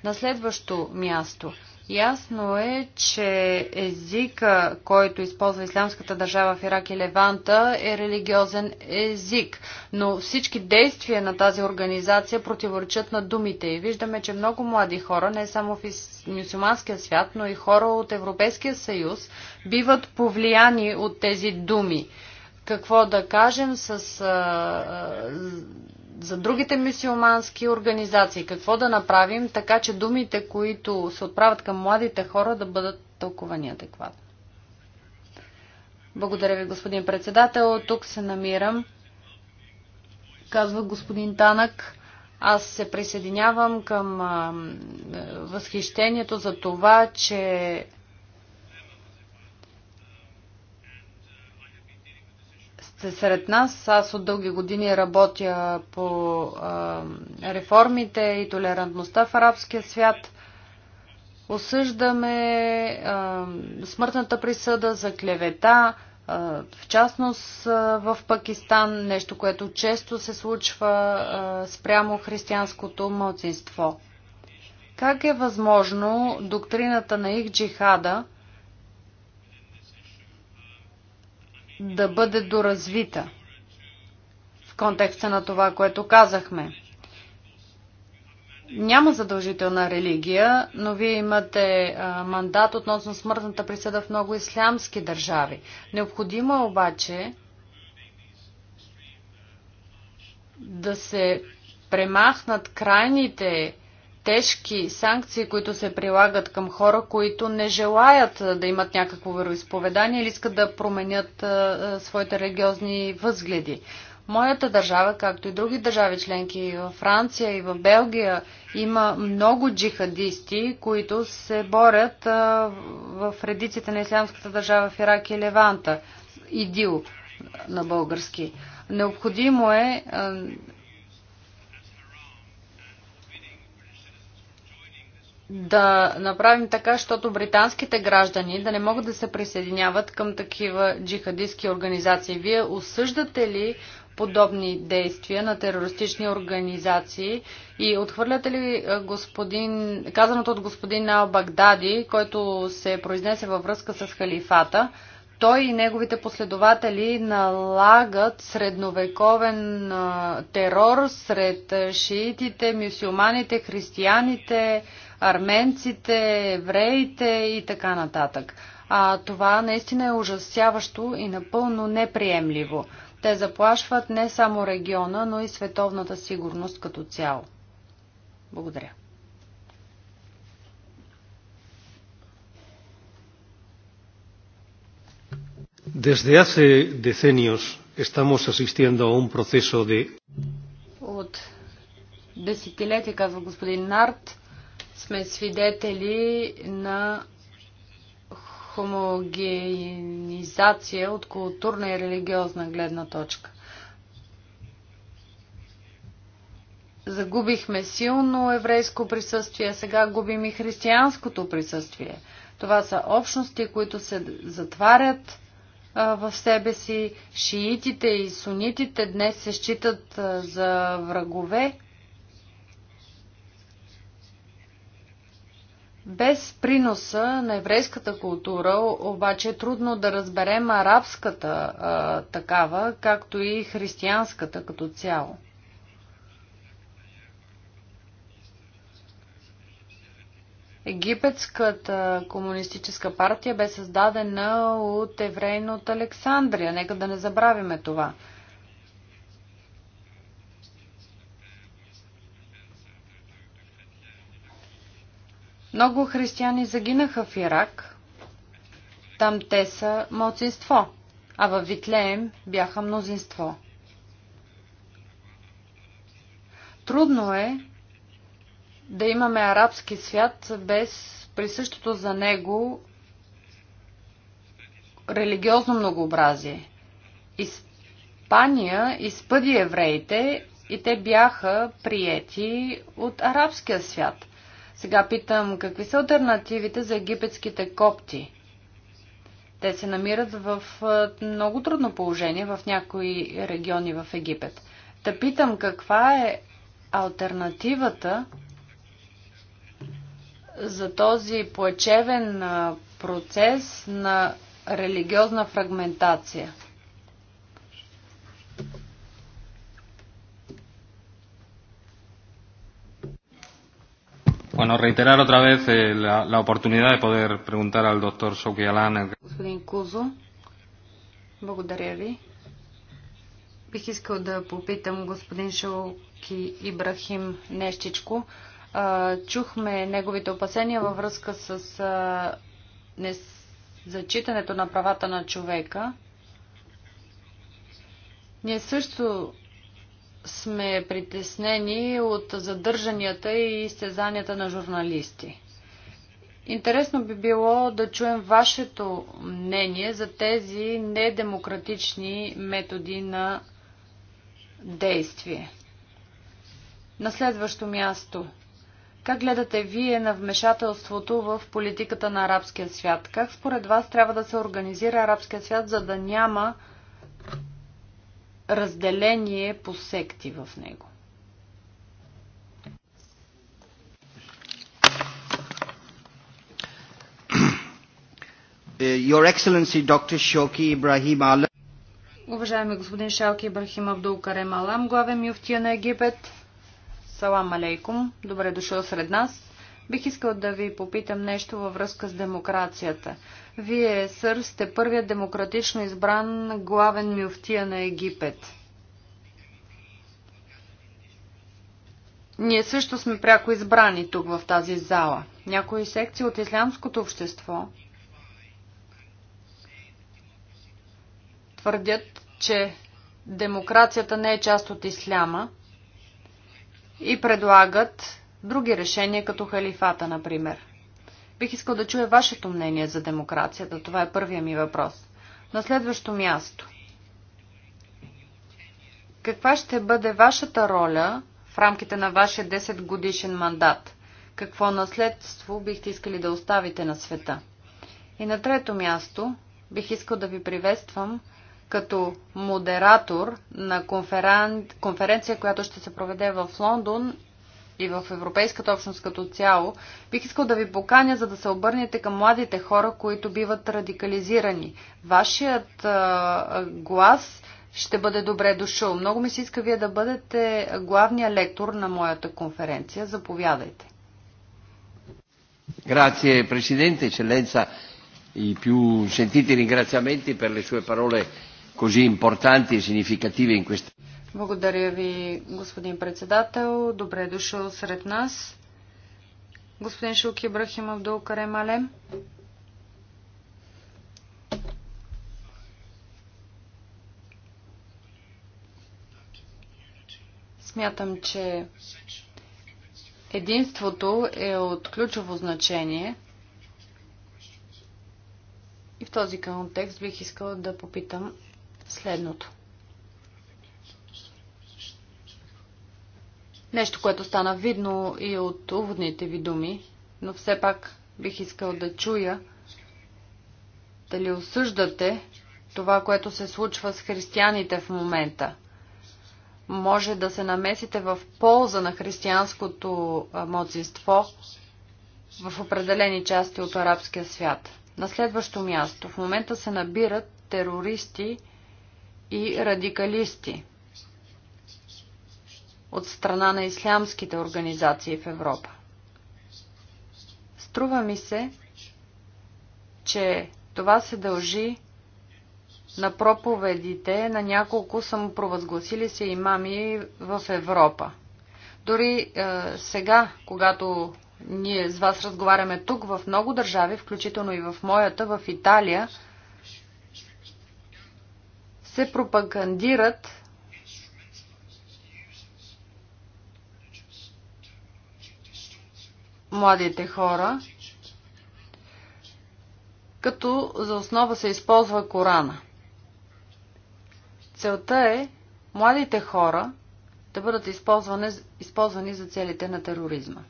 На следващо място. Ясно е, че езика, който използва Ислямската държава в Ирак и Леванта е религиозен език, но всички действия на тази организация противоречат на думите и виждаме, че много млади хора, не само в мюсюлманския свят, но и хора от Европейския съюз, биват повлияни от тези думи какво да кажем с, а, за другите мисиомански организации, какво да направим, така че думите, които се отправят към младите хора, да бъдат тълковани адекватно. Благодаря ви, господин председател. Тук се намирам, казва господин Танък. Аз се присъединявам към а, възхищението за това, че сте сред нас. Аз от дълги години работя по а, реформите и толерантността в арабския свят. Осъждаме а, смъртната присъда за клевета, а, в частност а, в Пакистан, нещо, което често се случва а, спрямо християнското мълцинство. Как е възможно доктрината на их джихада – да бъде доразвита в контекста на това, което казахме. Няма задължителна религия, но вие имате а, мандат относно смъртната присъда в много ислямски държави. Необходимо е обаче да се премахнат крайните тежки санкции, които се прилагат към хора, които не желаят да имат някакво вероисповедание или искат да променят своите религиозни възгледи. Моята държава, както и други държави членки в във Франция и в Белгия, има много джихадисти, които се борят в редиците на Ислямската държава в Ирак и Леванта. Идил на български. Необходимо е да направим така, защото британските граждани да не могат да се присъединяват към такива джихадистски организации. Вие осъждате ли подобни действия на терористични организации и отхвърляте ли господин, казаното от господин Нао Багдади, който се произнесе във връзка с халифата, той и неговите последователи налагат средновековен терор сред шиитите, мюсюлманите, християните, арменците, евреите и така нататък. А това наистина е ужасяващо и напълно неприемливо. Те заплашват не само региона, но и световната сигурност като цяло. Благодаря. Desde hace decenios estamos asistiendo a un proceso de... От десетилетия, казва господин Нарт, сме свидетели на хомогенизация от културна и религиозна гледна точка. Загубихме силно еврейско присъствие, сега губим и християнското присъствие. Това са общности, които се затварят в себе си. Шиитите и сунитите днес се считат за врагове Без приноса на еврейската култура обаче е трудно да разберем арабската а, такава, както и християнската като цяло. Египетската комунистическа партия бе създадена от еврейно от Александрия. Нека да не забравиме това. Много християни загинаха в Ирак. Там те са мълцинство, а във Витлеем бяха мнозинство. Трудно е да имаме арабски свят без присъщото за него религиозно многообразие. Испания изпъди евреите и те бяха приети от арабския свят. Сега питам, какви са альтернативите за египетските копти? Те се намират в много трудно положение в някои региони в Египет. Та питам, каква е альтернативата за този плачевен процес на религиозна фрагментация? Bueno, reiterar otra vez eh, la, la oportunidad de poder preguntar al doctor Soki Алан. Господин Кузо, благодаря ви. Бих искал да попитам господин Шоки Ибрахим нещичко. А, чухме неговите опасения във връзка с а, не, зачитането на правата на човека. Ние също сме притеснени от задържанията и изтезанията на журналисти. Интересно би било да чуем вашето мнение за тези недемократични методи на действие. На следващо място. Как гледате вие на вмешателството в политиката на арабския свят? Как според вас трябва да се организира арабския свят, за да няма разделение по секти в него. Uh, Your Excellency Dr. Shoki Ibrahim Alam. Уважаеми господин Шалки Ибрахим Абдул Карем Алам, главен мюфтия на Египет. Салам алейкум. Добре дошъл сред нас. Бих искал да ви попитам нещо във връзка с демокрацията. Вие, сър, сте първият демократично избран главен мюфтия на Египет. Ние също сме пряко избрани тук в тази зала. Някои секции от ислямското общество твърдят, че демокрацията не е част от исляма и предлагат други решения, като халифата, например. Бих искал да чуя вашето мнение за демокрацията. Това е първия ми въпрос. На следващо място. Каква ще бъде вашата роля в рамките на вашия 10 годишен мандат? Какво наследство бихте искали да оставите на света? И на трето място бих искал да ви приветствам като модератор на конферен... конференция, която ще се проведе в Лондон и в Европейската общност като цяло, бих искал да ви поканя, за да се обърнете към младите хора, които биват радикализирани. Вашият а, глас ще бъде добре дошъл. Много ми се иска вие да бъдете главния лектор на моята конференция. Заповядайте. Grazie Presidente, Eccellenza, i più sentiti ringraziamenti per le sue parole così importanti e significative in questa. Благодаря ви, господин председател. Добре е дошъл сред нас. Господин Шуки Брахим Абдул Карем Алем. Смятам, че единството е от ключово значение. И в този контекст бих искала да попитам следното. Нещо, което стана видно и от уводните ви думи, но все пак бих искал да чуя дали осъждате това, което се случва с християните в момента. Може да се намесите в полза на християнското младсинство в определени части от арабския свят. На следващо място в момента се набират терористи и радикалисти от страна на ислямските организации в Европа. Струва ми се, че това се дължи на проповедите на няколко самопровъзгласили се имами в Европа. Дори е, сега, когато ние с вас разговаряме тук, в много държави, включително и в моята, в Италия, се пропагандират младите хора, като за основа се използва Корана. Целта е младите хора да бъдат използвани, използвани за целите на тероризма.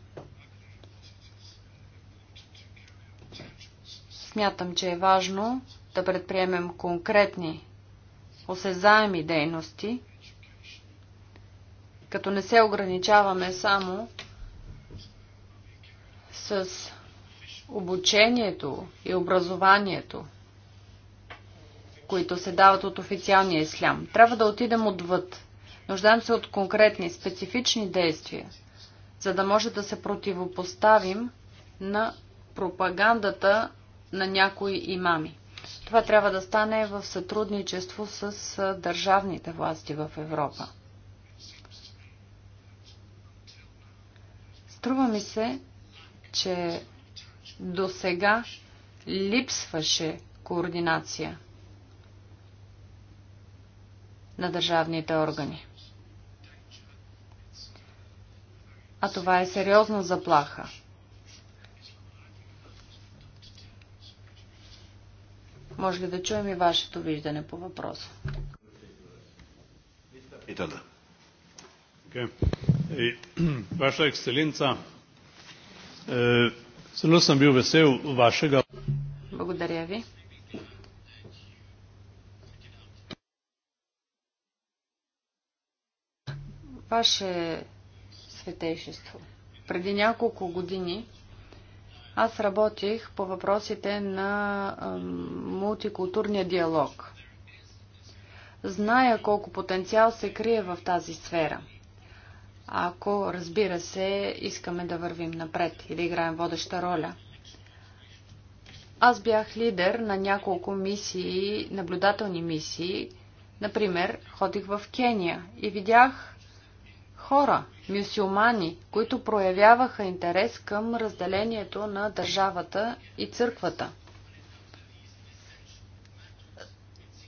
Смятам, че е важно да предприемем конкретни, осезаеми дейности, като не се ограничаваме само с обучението и образованието, които се дават от официалния ислям. Трябва да отидем отвъд. Нуждаем се от конкретни, специфични действия, за да може да се противопоставим на пропагандата на някои имами. Това трябва да стане в сътрудничество с държавните власти в Европа. Струва ми се, че до сега липсваше координация на държавните органи. А това е сериозна заплаха. Може ли да чуем и вашето виждане по въпроса? Е, ваша ексцеленца, Zelo sem bil vesel vašega. Благодаря ви. Ваше светейшество. Преди няколко години аз работих по въпросите на мултикултурния диалог. Зная колко потенциал се крие в тази сфера – ако, разбира се, искаме да вървим напред и да играем водеща роля. Аз бях лидер на няколко мисии, наблюдателни мисии. Например, ходих в Кения и видях хора, мюсюлмани, които проявяваха интерес към разделението на държавата и църквата.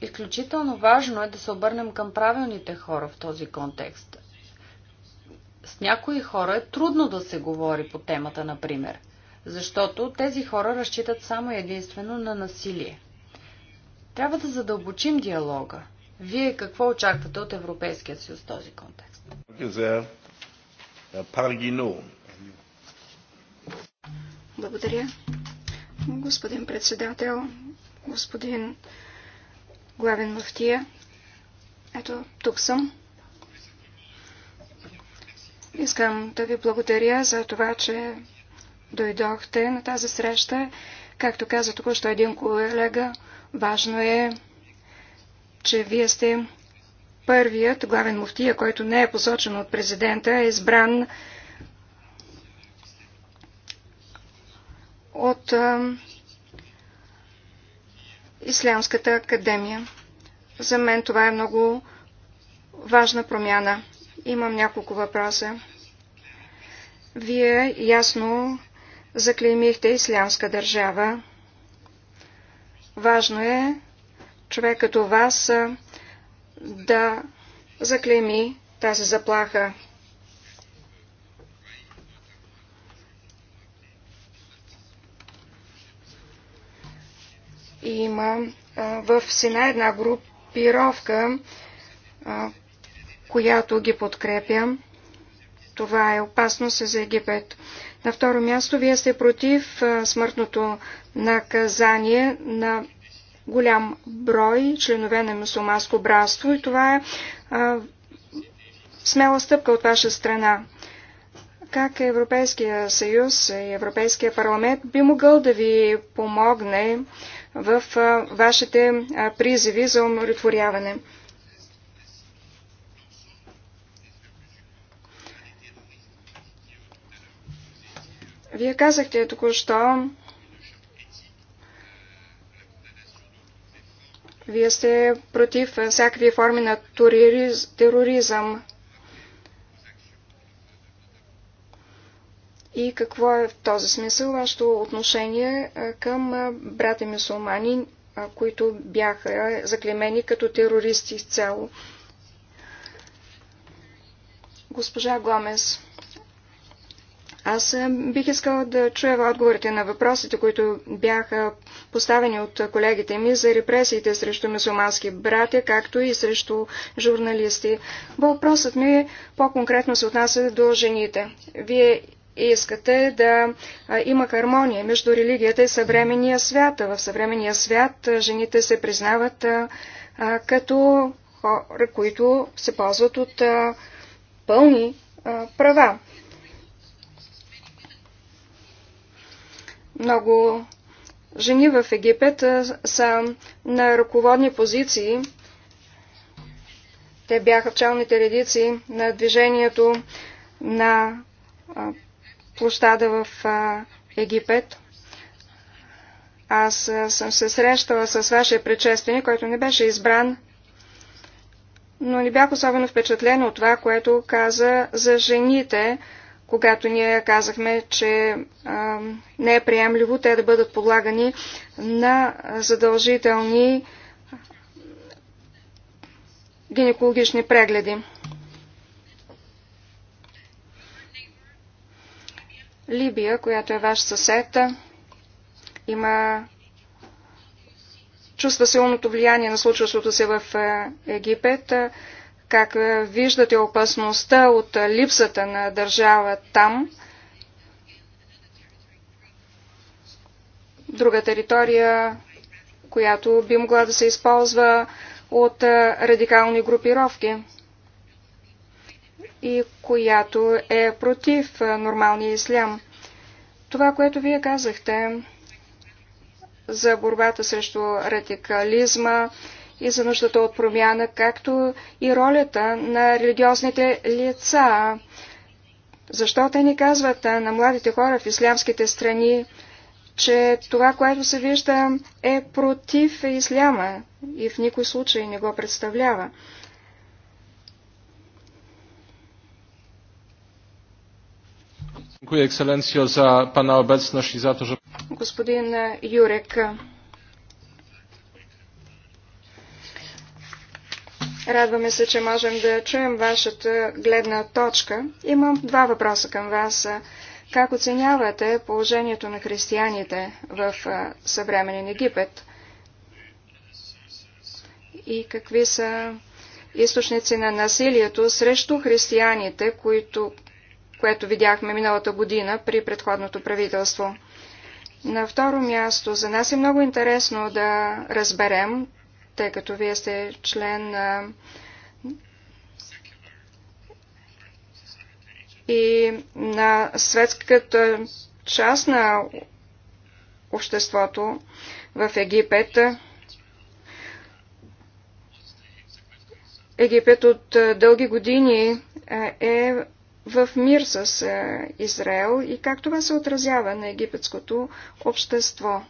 Изключително важно е да се обърнем към правилните хора в този контекст. С някои хора е трудно да се говори по темата, например, защото тези хора разчитат само единствено на насилие. Трябва да задълбочим диалога. Вие какво очаквате от Европейския съюз в този контекст? Благодаря. Господин председател, господин главен мафтия, ето тук съм. Искам да ви благодаря за това, че дойдохте на тази среща. Както каза току-що един колега, важно е, че вие сте първият главен муфтия, който не е посочен от президента, е избран от а, Ислямската академия. За мен това е много важна промяна. Имам няколко въпроса. Вие ясно заклеймихте ислямска държава. Важно е човек като вас да заклейми тази заплаха. Има в Сина една групировка, която ги подкрепя. Това е опасност за Египет. На второ място, вие сте против смъртното наказание на голям брой членове на мусулманско братство и това е а, смела стъпка от ваша страна. Как Европейския съюз и Европейския парламент би могъл да ви помогне в а, вашите а, призиви за умиротворяване? Вие казахте току-що, вие сте против всякакви форми на тероризъм. И какво е в този смисъл вашето отношение към брата мусулмани, които бяха заклемени като терористи изцяло? Госпожа Гомес. Аз бих искала да чуя отговорите на въпросите, които бяха поставени от колегите ми за репресиите срещу мусулмански братя, както и срещу журналисти. Въпросът ми по-конкретно се отнася до жените. Вие искате да има хармония между религията и съвременния свят. В съвременния свят жените се признават като хора, които се ползват от пълни права. Много жени в Египет са на ръководни позиции. Те бяха в челните редици на движението на площада в Египет. Аз съм се срещала с вашия предшественик, който не беше избран, но не бях особено впечатлена от това, което каза за жените когато ние казахме, че а, не е приемливо те да бъдат подлагани на задължителни гинекологични прегледи. Либия, която е ваш съсед, има чувства силното влияние на случващото се в Египет как виждате опасността от липсата на държава там. Друга територия, която би могла да се използва от радикални групировки и която е против нормалния ислям. Това, което вие казахте за борбата срещу радикализма, и за нуждата от промяна, както и ролята на религиозните лица. Защо те ни казват на младите хора в ислямските страни, че това, което се вижда, е против исляма и в никой случай не го представлява. Господин Юрек, Радваме се, че можем да чуем вашата гледна точка. Имам два въпроса към вас. Как оценявате положението на християните в съвременен Египет? И какви са източници на насилието срещу християните, които, което видяхме миналата година при предходното правителство? На второ място, за нас е много интересно да разберем тъй като вие сте член на и на светската част на обществото в Египет. Египет от дълги години е в мир с Израел и как това се отразява на египетското общество.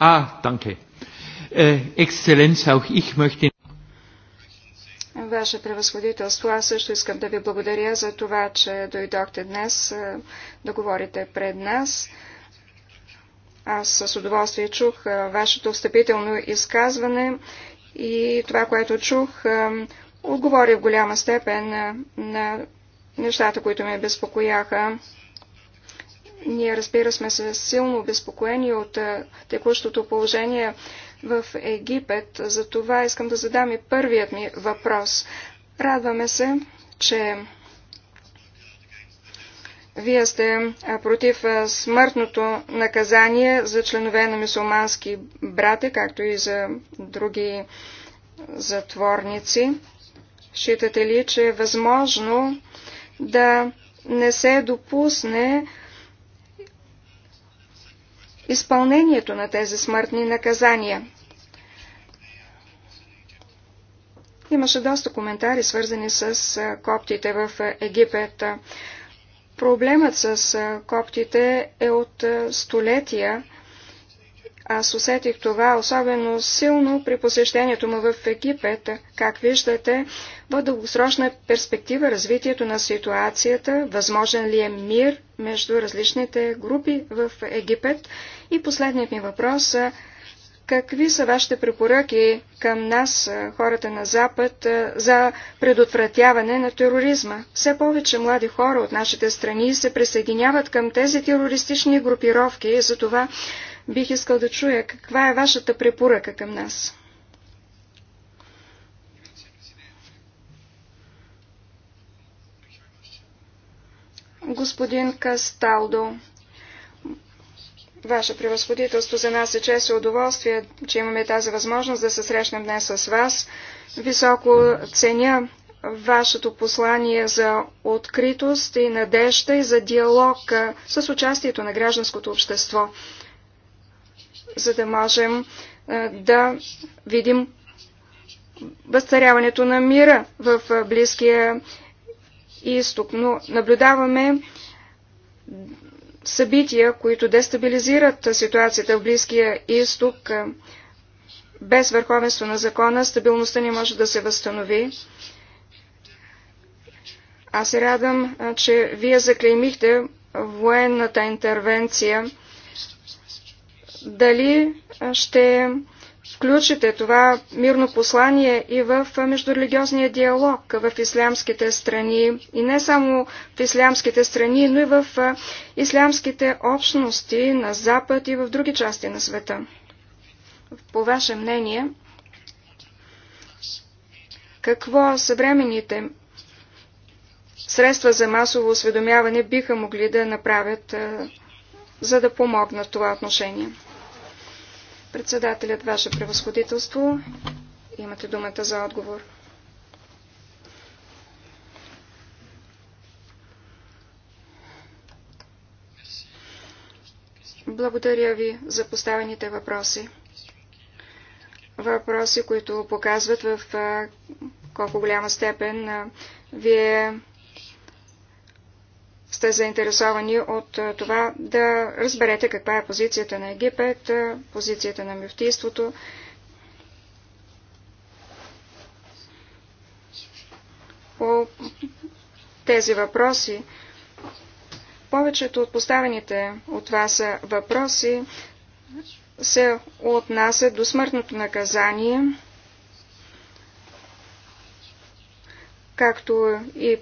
Ah, danke. Äh, Exzellenz, auch ich möchte. Ваше превъзходителство, аз също искам да ви благодаря за това, че дойдохте днес е, да говорите пред нас. Аз с удоволствие чух е, вашето встъпително изказване и това, което чух, е, отговори в голяма степен на нещата, които ме безпокояха. Ние, разбира сме, се силно обезпокоени от текущото положение в Египет. За това искам да задам и първият ми въпрос. Радваме се, че вие сте против смъртното наказание за членове на мусулмански брати, както и за други затворници. Считате ли, че е възможно да не се допусне изпълнението на тези смъртни наказания. Имаше доста коментари, свързани с коптите в Египет. Проблемът с коптите е от столетия. Аз усетих това особено силно при посещението му в Египет. Как виждате, в дългосрочна перспектива развитието на ситуацията, възможен ли е мир между различните групи в Египет и последният ми въпрос е какви са вашите препоръки към нас, хората на Запад, за предотвратяване на тероризма? Все повече млади хора от нашите страни се присъединяват към тези терористични групировки и за това бих искал да чуя каква е вашата препоръка към нас. Господин Касталдо, Ваше превъзходителство, за нас е чест и удоволствие, че имаме тази възможност да се срещнем днес с Вас. Високо ценя Вашето послание за откритост и надежда и за диалог с участието на гражданското общество, за да можем да видим възцаряването на мира в Близкия изток. Но наблюдаваме събития, които дестабилизират ситуацията в Близкия изток. Без върховенство на закона стабилността не може да се възстанови. Аз се радвам, че вие заклеймихте военната интервенция. Дали ще включите това мирно послание и в междурелигиозния диалог в ислямските страни, и не само в ислямските страни, но и в ислямските общности на Запад и в други части на света. По ваше мнение, какво съвременните средства за масово осведомяване биха могли да направят, за да помогнат това отношение? Председателят, Ваше превъзходителство, имате думата за отговор. Благодаря ви за поставените въпроси. Въпроси, които показват в колко голяма степен вие сте заинтересовани от това да разберете каква е позицията на Египет, позицията на мюфтийството. По тези въпроси, повечето от поставените от вас въпроси се отнасят до смъртното наказание, както и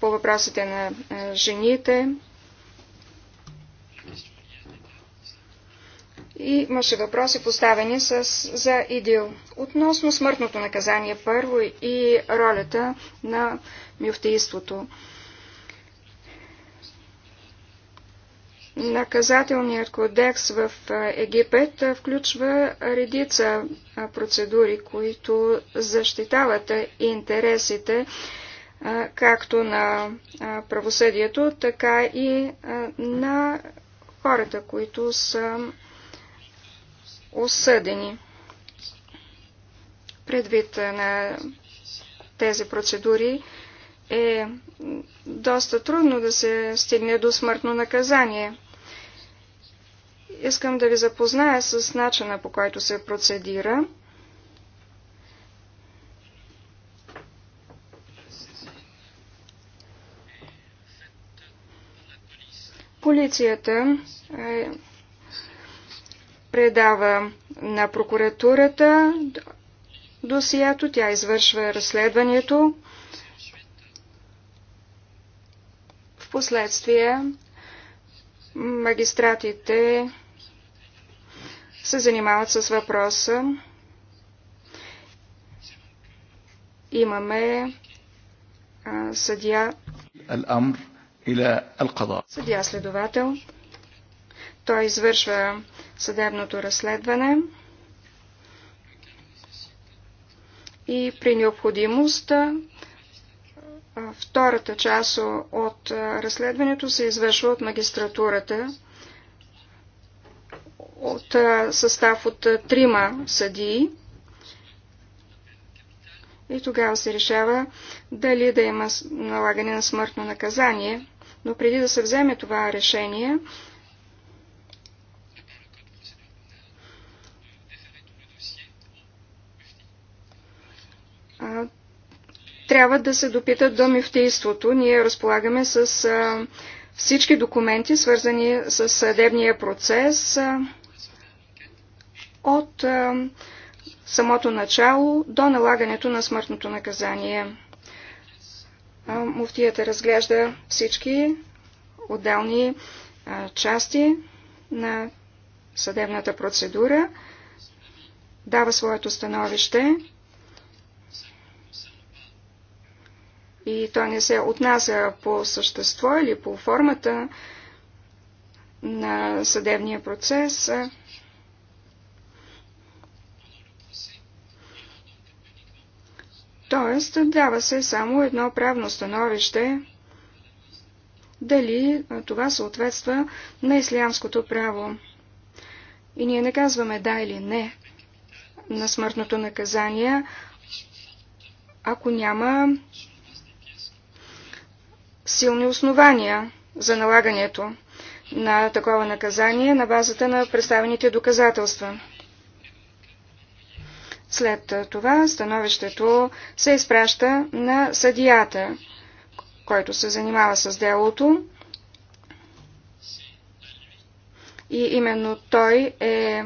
по въпросите на е, жените. И имаше въпроси поставени с, за ИДИЛ. Относно смъртното наказание първо и ролята на мюфтийството. Наказателният кодекс в е, Египет е, включва редица процедури, които защитават интересите както на правосъдието, така и на хората, които са осъдени. Предвид на тези процедури е доста трудно да се стигне до смъртно наказание. Искам да ви запозная с начина по който се процедира. Полицията е, предава на прокуратурата досието, тя извършва разследването. В последствие магистратите се занимават с въпроса. Имаме а, съдия. Al-Amr Съдия следовател. Той извършва съдебното разследване и при необходимост втората част от разследването се извършва от магистратурата от състав от трима съдии. И тогава се решава дали да има налагане на смъртно наказание но преди да се вземе това решение, трябва да се допитат до мифтийството. Ние разполагаме с всички документи, свързани с съдебния процес от самото начало до налагането на смъртното наказание муфтията разглежда всички отделни части на съдебната процедура, дава своето становище и то не се отнася по същество или по формата на съдебния процес, Тоест, дава се само едно правно становище, дали това съответства на ислямското право. И ние не казваме да или не на смъртното наказание, ако няма силни основания за налагането на такова наказание на базата на представените доказателства. След това становището се изпраща на съдията, който се занимава с делото. И именно той е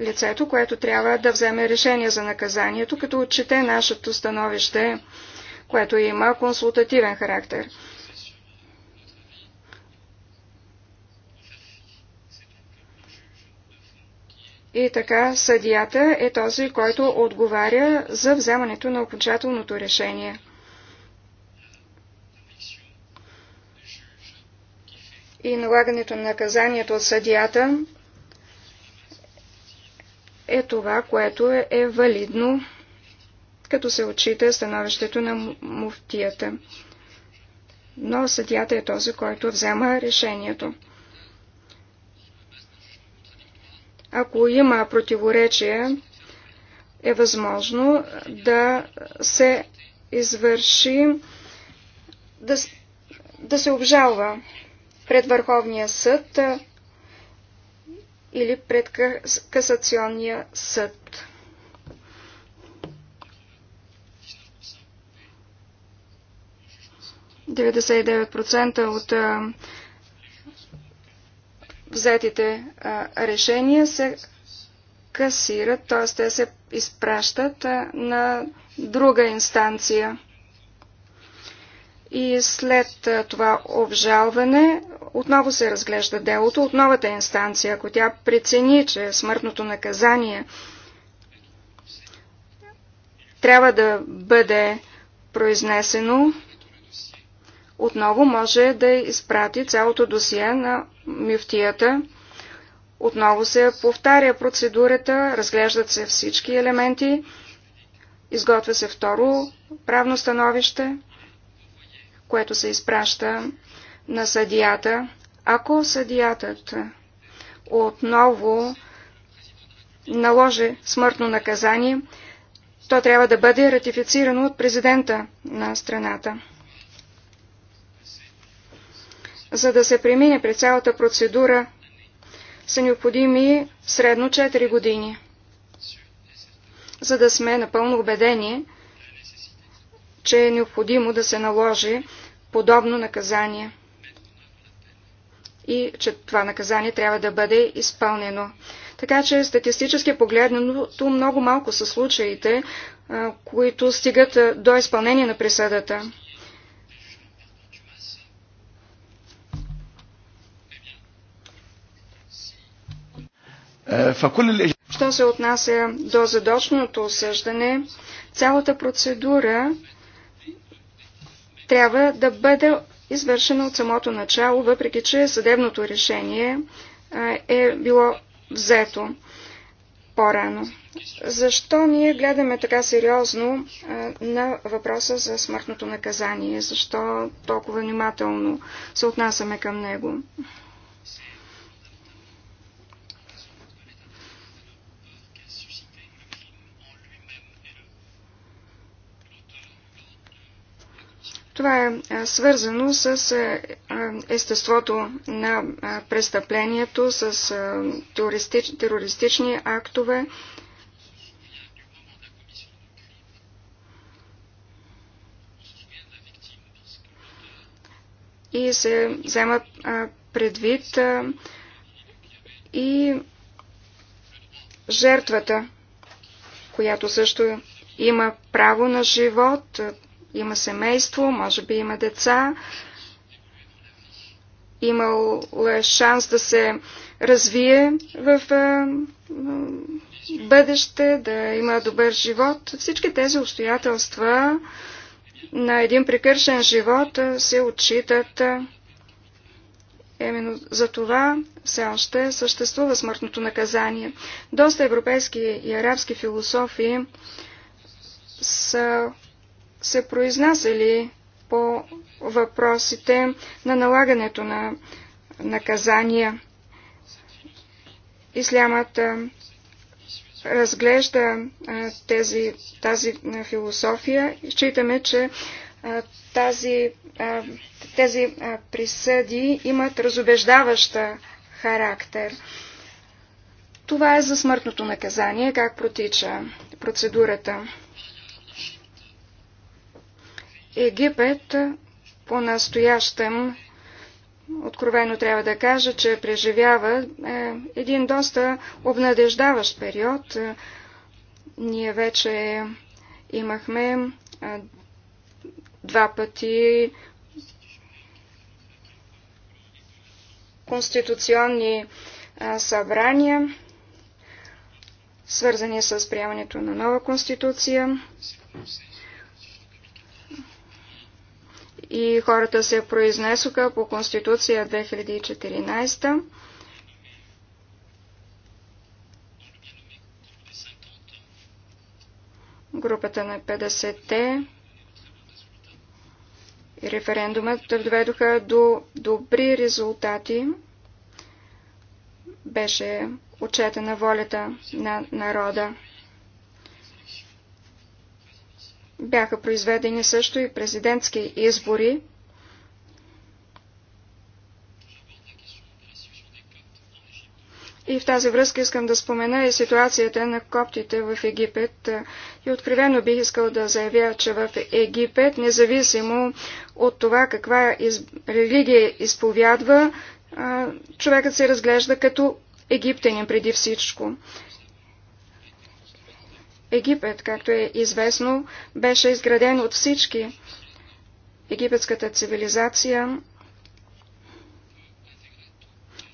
лицето, което трябва да вземе решение за наказанието, като отчете нашето становище, което има консултативен характер. И така съдията е този, който отговаря за вземането на окончателното решение. И налагането на наказанието от съдията е това, което е валидно, като се отчита становището на муфтията. Но съдията е този, който взема решението. ако има противоречие, е възможно да се извърши, да, да се обжалва пред Върховния съд или пред касационния съд. Деветдесет от взетите а, решения се касират, т.е. те се изпращат а, на друга инстанция. И след а, това обжалване отново се разглежда делото от новата инстанция. Ако тя прецени, че смъртното наказание трябва да бъде произнесено, отново може да изпрати цялото досие на мифтията, Отново се повтаря процедурата, разглеждат се всички елементи, изготвя се второ правно становище, което се изпраща на съдията. Ако съдиятът отново наложи смъртно наказание, то трябва да бъде ратифицирано от президента на страната. За да се премине през цялата процедура, са необходими средно 4 години, за да сме напълно убедени, че е необходимо да се наложи подобно наказание и че това наказание трябва да бъде изпълнено. Така че статистически погледнато много малко са случаите, които стигат до изпълнение на присъдата. Е, Що се отнася до задочното осъждане, цялата процедура трябва да бъде извършена от самото начало, въпреки че съдебното решение е, е било взето по-рано. Защо ние гледаме така сериозно е, на въпроса за смъртното наказание? Защо толкова внимателно се отнасяме към него? Това е свързано с естеството на престъплението, с терористични актове. И се взема предвид и жертвата, която също има право на живот, има семейство, може би има деца. Имал е шанс да се развие в бъдеще, да има добър живот. Всички тези обстоятелства на един прекършен живот се отчитат. Именно за това все още съществува смъртното наказание. Доста европейски и арабски философи са се произнасяли по въпросите на налагането на наказания. Ислямът разглежда тези, тази философия и считаме, че тази, тези присъди имат разобеждаваща характер. Това е за смъртното наказание, как протича процедурата. Египет по-настоящем, откровено трябва да кажа, че преживява е, един доста обнадеждаващ период. Е, ние вече имахме е, два пъти конституционни е, събрания, свързани с приемането на нова конституция и хората се произнесоха по Конституция 2014. Групата на 50-те и референдумът доведоха до добри резултати. Беше отчетена волята на народа. Бяха произведени също и президентски избори. И в тази връзка искам да спомена и ситуацията на коптите в Египет. И откровено бих искал да заявя, че в Египет, независимо от това каква из... религия изповядва, човекът се разглежда като египтянин преди всичко. Египет, както е известно, беше изграден от всички. Египетската цивилизация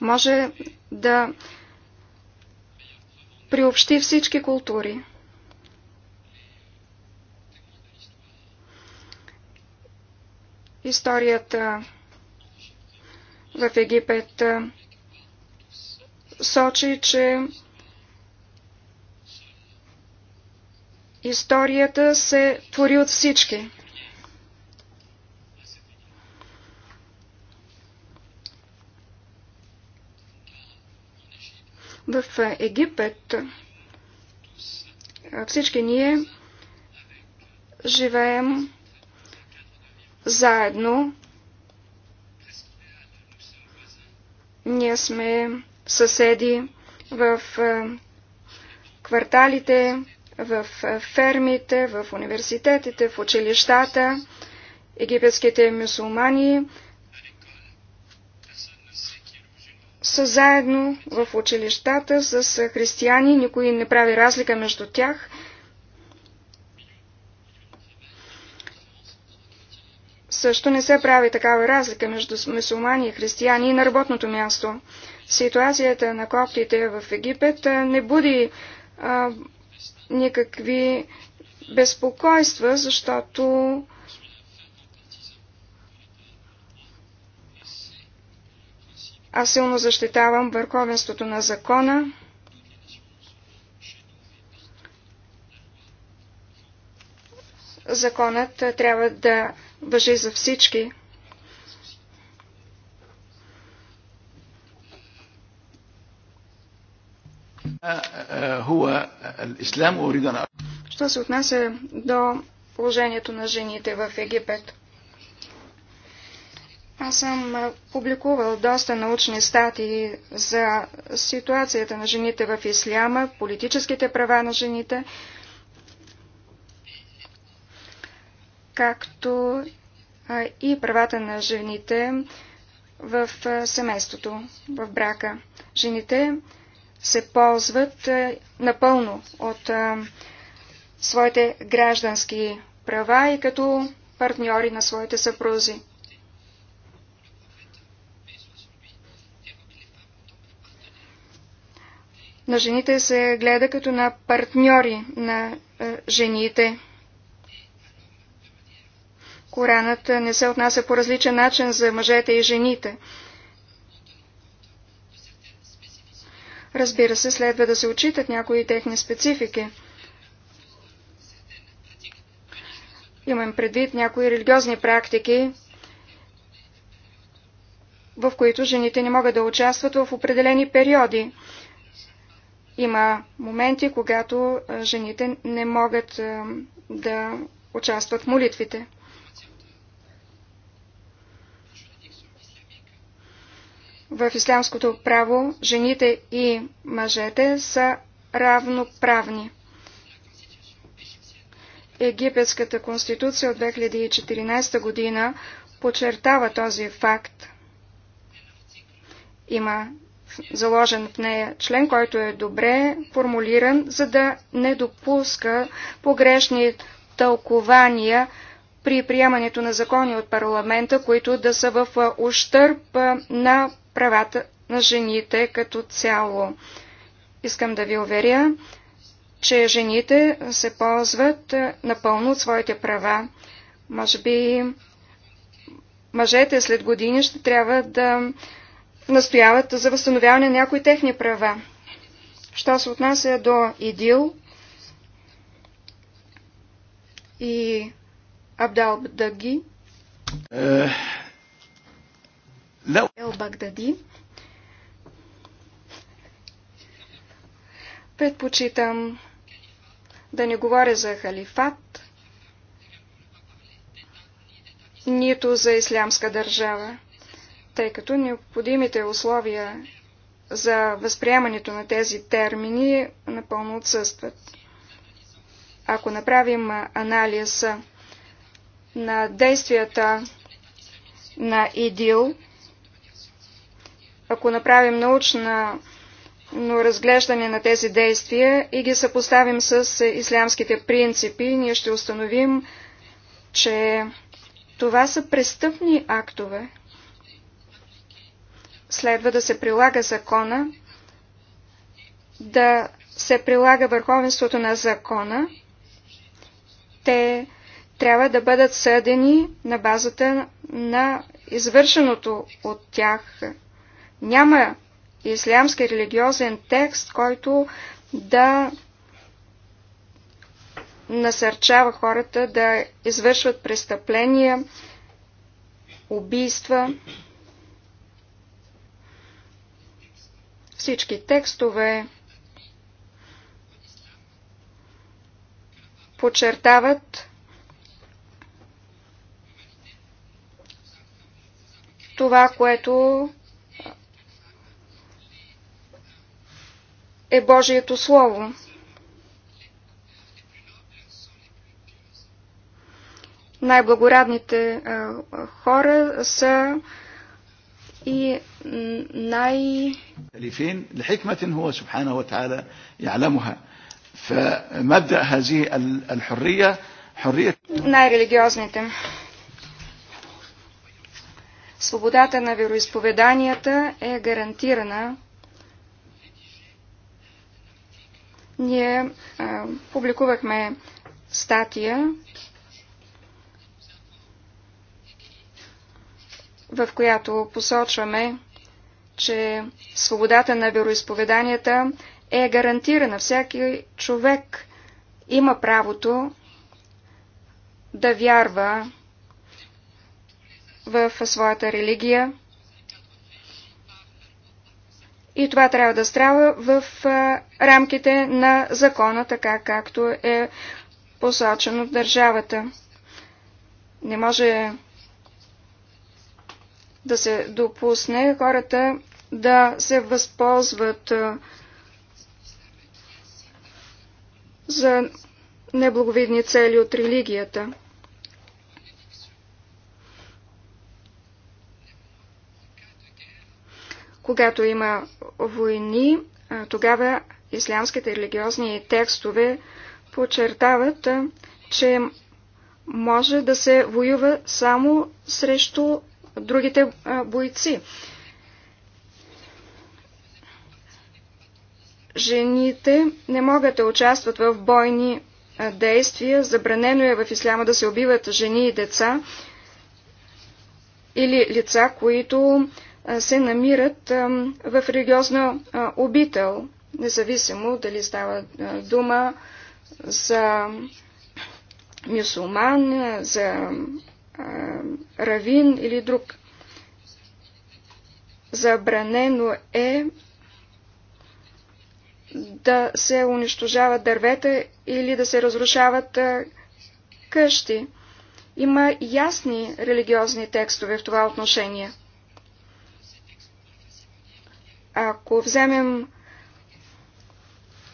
може да приобщи всички култури. Историята в Египет сочи, че Историята се твори от всички. В Египет всички ние живеем заедно. Ние сме съседи в кварталите, в фермите, в университетите, в училищата. Египетските мусулмани са заедно в училищата с християни, никой не прави разлика между тях. Също не се прави такава разлика между мусулмани и християни и на работното място. Ситуацията на коптите в Египет не буди а, никакви безпокойства, защото аз силно защитавам върховенството на закона. Законът трябва да въжи за всички. Що се отнася до положението на жените в Египет? Аз съм публикувал доста научни статии за ситуацията на жените в Исляма, политическите права на жените, както и правата на жените в семейството, в брака. Жените се ползват е, напълно от е, своите граждански права и като партньори на своите съпрузи. На жените се гледа като на партньори на е, жените. Коранът не се отнася по различен начин за мъжете и жените. Разбира се, следва да се отчитат някои техни специфики. Имам предвид някои религиозни практики, в които жените не могат да участват в определени периоди. Има моменти, когато жените не могат да участват в молитвите. в ислямското право жените и мъжете са равноправни. Египетската конституция от 2014 година подчертава този факт. Има заложен в нея член, който е добре формулиран, за да не допуска погрешни тълкования при приемането на закони от парламента, които да са в ущърп на правата на жените като цяло. Искам да ви уверя, че жените се ползват е, напълно от своите права. Може би мъжете след години ще трябва да настояват за възстановяване на някои техни права. Що се отнася до ИДИЛ и Даги. Е, Ел-Багдади. Предпочитам да не говоря за халифат, нито за ислямска държава, тъй като необходимите условия за възприемането на тези термини напълно отсъстват. Ако направим анализ на действията на ИДИЛ ако направим научно но разглеждане на тези действия и ги съпоставим с ислямските принципи, ние ще установим, че това са престъпни актове. Следва да се прилага закона, да се прилага върховенството на закона. Те трябва да бъдат съдени на базата на извършеното от тях няма ислямски религиозен текст, който да насърчава хората да извършват престъпления, убийства. Всички текстове подчертават това, което е Божието Слово. Най-благорадните хора са и най... لحكمة هو سبحانه وتعالى يعلمها فمبدأ هذه الحرية حرية най-религиозните. Свободата на вероисповеданията е гарантирана Ние а, публикувахме статия, в която посочваме, че свободата на вероисповеданията е гарантирана. Всяки човек има правото да вярва в своята религия, и това трябва да страва в рамките на закона, така както е посочено в държавата. Не може да се допусне хората да се възползват за неблаговидни цели от религията. Когато има войни, тогава ислямските религиозни текстове подчертават, че може да се воюва само срещу другите бойци. Жените не могат да участват в бойни действия. Забранено е в исляма да се убиват жени и деца или лица, които се намират в религиозна обител, независимо дали става дума за мюсулман, за равин или друг. Забранено е да се унищожават дървета или да се разрушават къщи. Има ясни религиозни текстове в това отношение. Ако вземем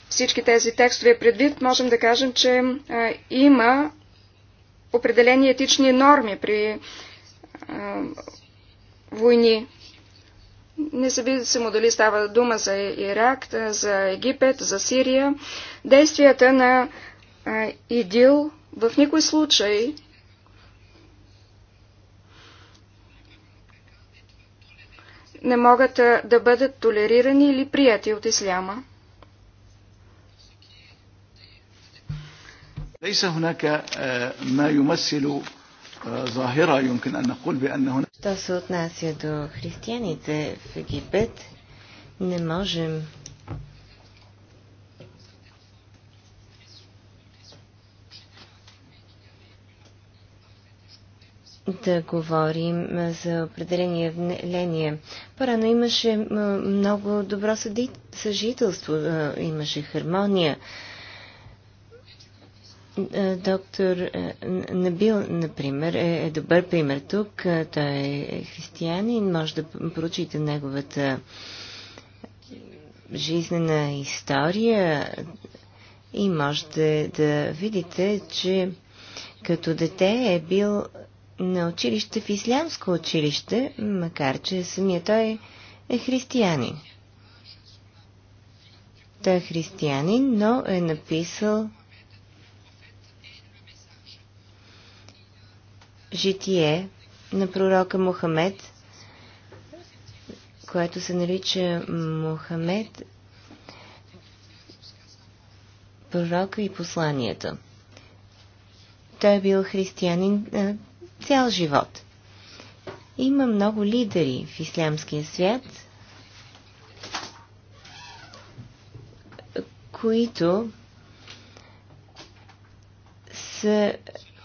всички тези текстове предвид, можем да кажем, че а, има определени етични норми при а, войни. Независимо дали става дума за Ирак, за Египет, за Сирия, действията на а, ИДИЛ в никой случай не могат да бъдат толерирани или прияти от исляма. Що се отнася до християните в Египет, не можем да говорим за определени явления. Порано имаше много добро съжителство, имаше хармония. Доктор Набил, например, е, е добър пример тук. Той е християнин, може да поручите неговата жизнена история и можете да видите, че като дете е бил на училище в ислямско училище, макар че самия той е християнин. Той е християнин, но е написал житие на пророка Мохамед, което се нарича Мохамед, пророка и посланията. Той е бил християнин, цял живот. Има много лидери в ислямския свят, които са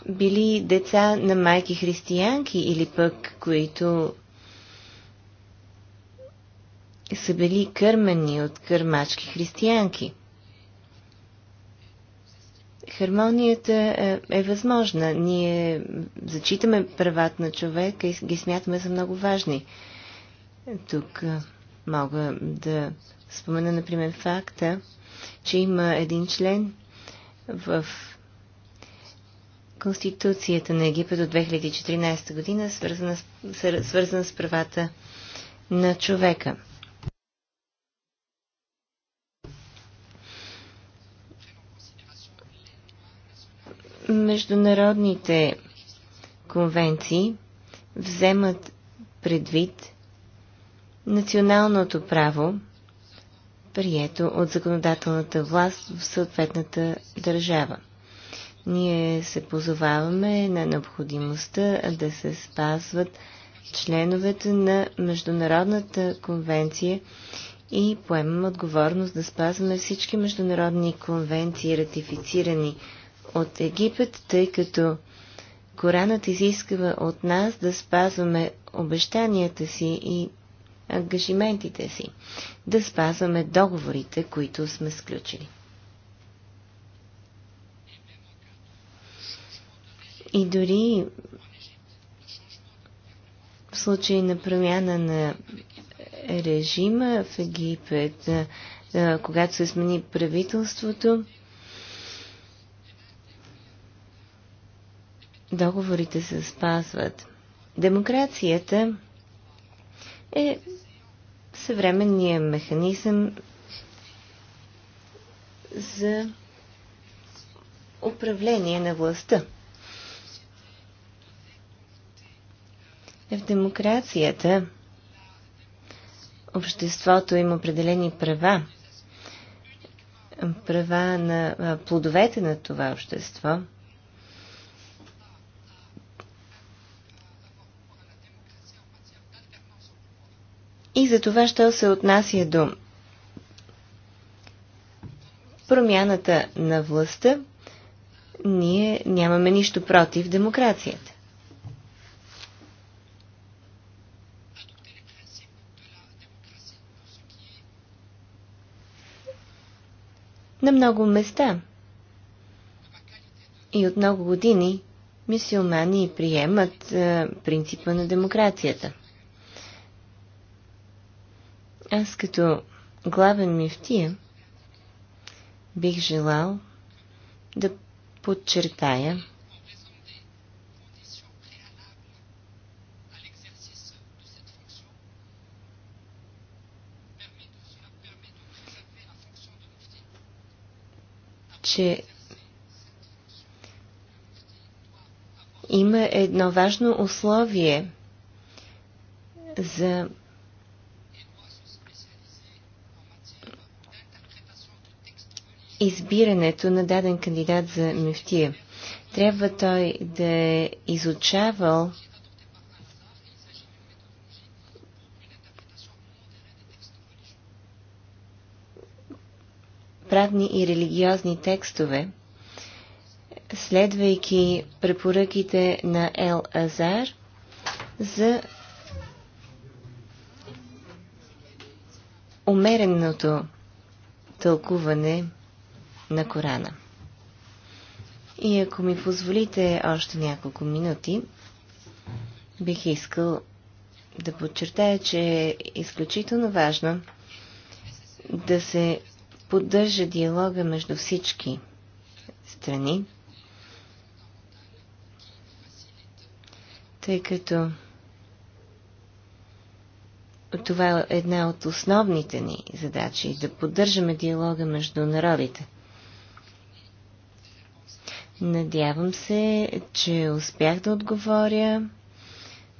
били деца на майки християнки или пък които са били кърмени от кърмачки християнки хармонията е, е възможна. Ние зачитаме правата на човека и ги смятаме за много важни. Тук е, мога да спомена, например, факта, че има един член в Конституцията на Египет от 2014 година, свързана с, свързана с правата на човека. международните конвенции вземат предвид националното право, прието от законодателната власт в съответната държава. Ние се позоваваме на необходимостта да се спазват членовете на Международната конвенция и поемаме отговорност да спазваме всички международни конвенции, ратифицирани от Египет, тъй като Коранът изисква от нас да спазваме обещанията си и ангажиментите си, да спазваме договорите, които сме сключили. И дори в случай на промяна на режима в Египет, когато се смени правителството, договорите се спазват. Демокрацията е съвременния механизъм за управление на властта. В демокрацията обществото има определени права. Права на плодовете на това общество – за това, що се отнася до промяната на властта, ние нямаме нищо против демокрацията. На много места и от много години мисиомани приемат принципа на демокрацията – аз като главен мифтия бих желал да подчертая, че има едно важно условие за избирането на даден кандидат за мефтия. Трябва той да е изучавал правни и религиозни текстове, следвайки препоръките на Ел Азар за умереното тълкуване на Корана. И ако ми позволите още няколко минути, бих искал да подчертая, че е изключително важно да се поддържа диалога между всички страни, тъй като това е една от основните ни задачи да поддържаме диалога между народите – Надявам се, че успях да отговоря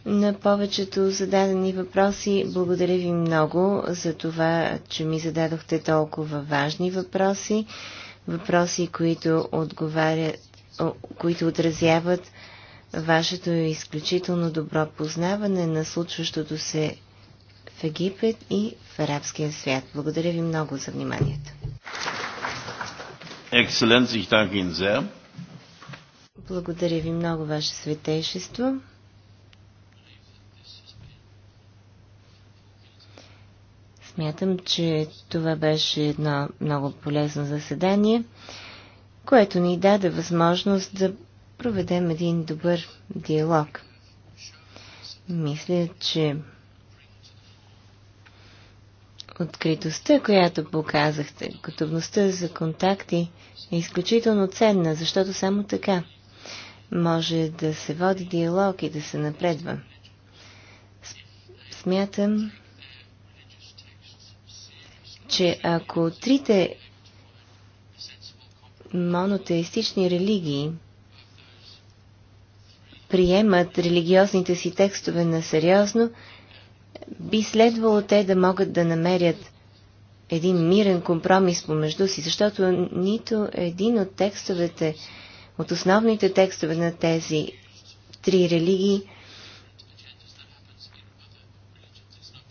на повечето зададени въпроси. Благодаря ви много за това, че ми зададохте толкова важни въпроси. Въпроси, които, отговарят, които отразяват вашето изключително добро познаване на случващото се в Египет и в арабския свят. Благодаря ви много за вниманието. Екселенци, ich danke благодаря ви много, Ваше Светейшество. Смятам, че това беше едно много полезно заседание, което ни даде възможност да проведем един добър диалог. Мисля, че откритостта, която показахте, готовността за контакти е изключително ценна, защото само така може да се води диалог и да се напредва. Смятам, че ако трите монотеистични религии приемат религиозните си текстове на сериозно, би следвало те да могат да намерят един мирен компромис помежду си, защото нито един от текстовете от основните текстове на тези три религии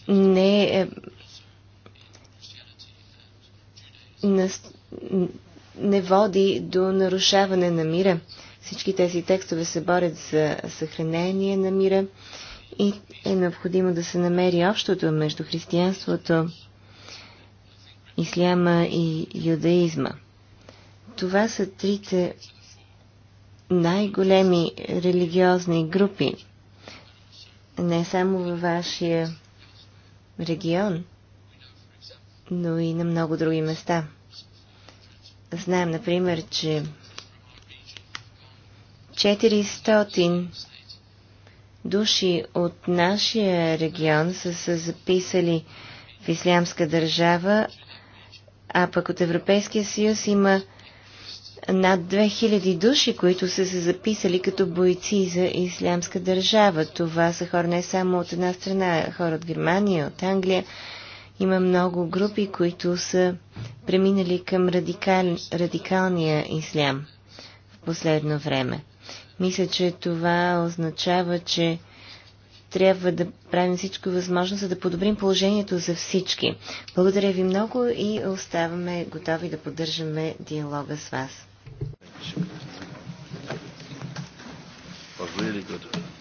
не е не води до нарушаване на мира. Всички тези текстове се борят за съхранение на мира и е необходимо да се намери общото между християнството, исляма и юдаизма. Това са трите най-големи религиозни групи, не само във вашия регион, но и на много други места. Знаем, например, че 400 души от нашия регион са се записали в Ислямска държава, а пък от Европейския съюз има над 2000 души, които са се записали като бойци за Ислямска държава. Това са хора не само от една страна, хора от Германия, от Англия. Има много групи, които са преминали към радикал, радикалния ислям в последно време. Мисля, че това означава, че трябва да правим всичко възможно, за да подобрим положението за всички. Благодаря ви много и оставаме готови да поддържаме диалога с вас was really good.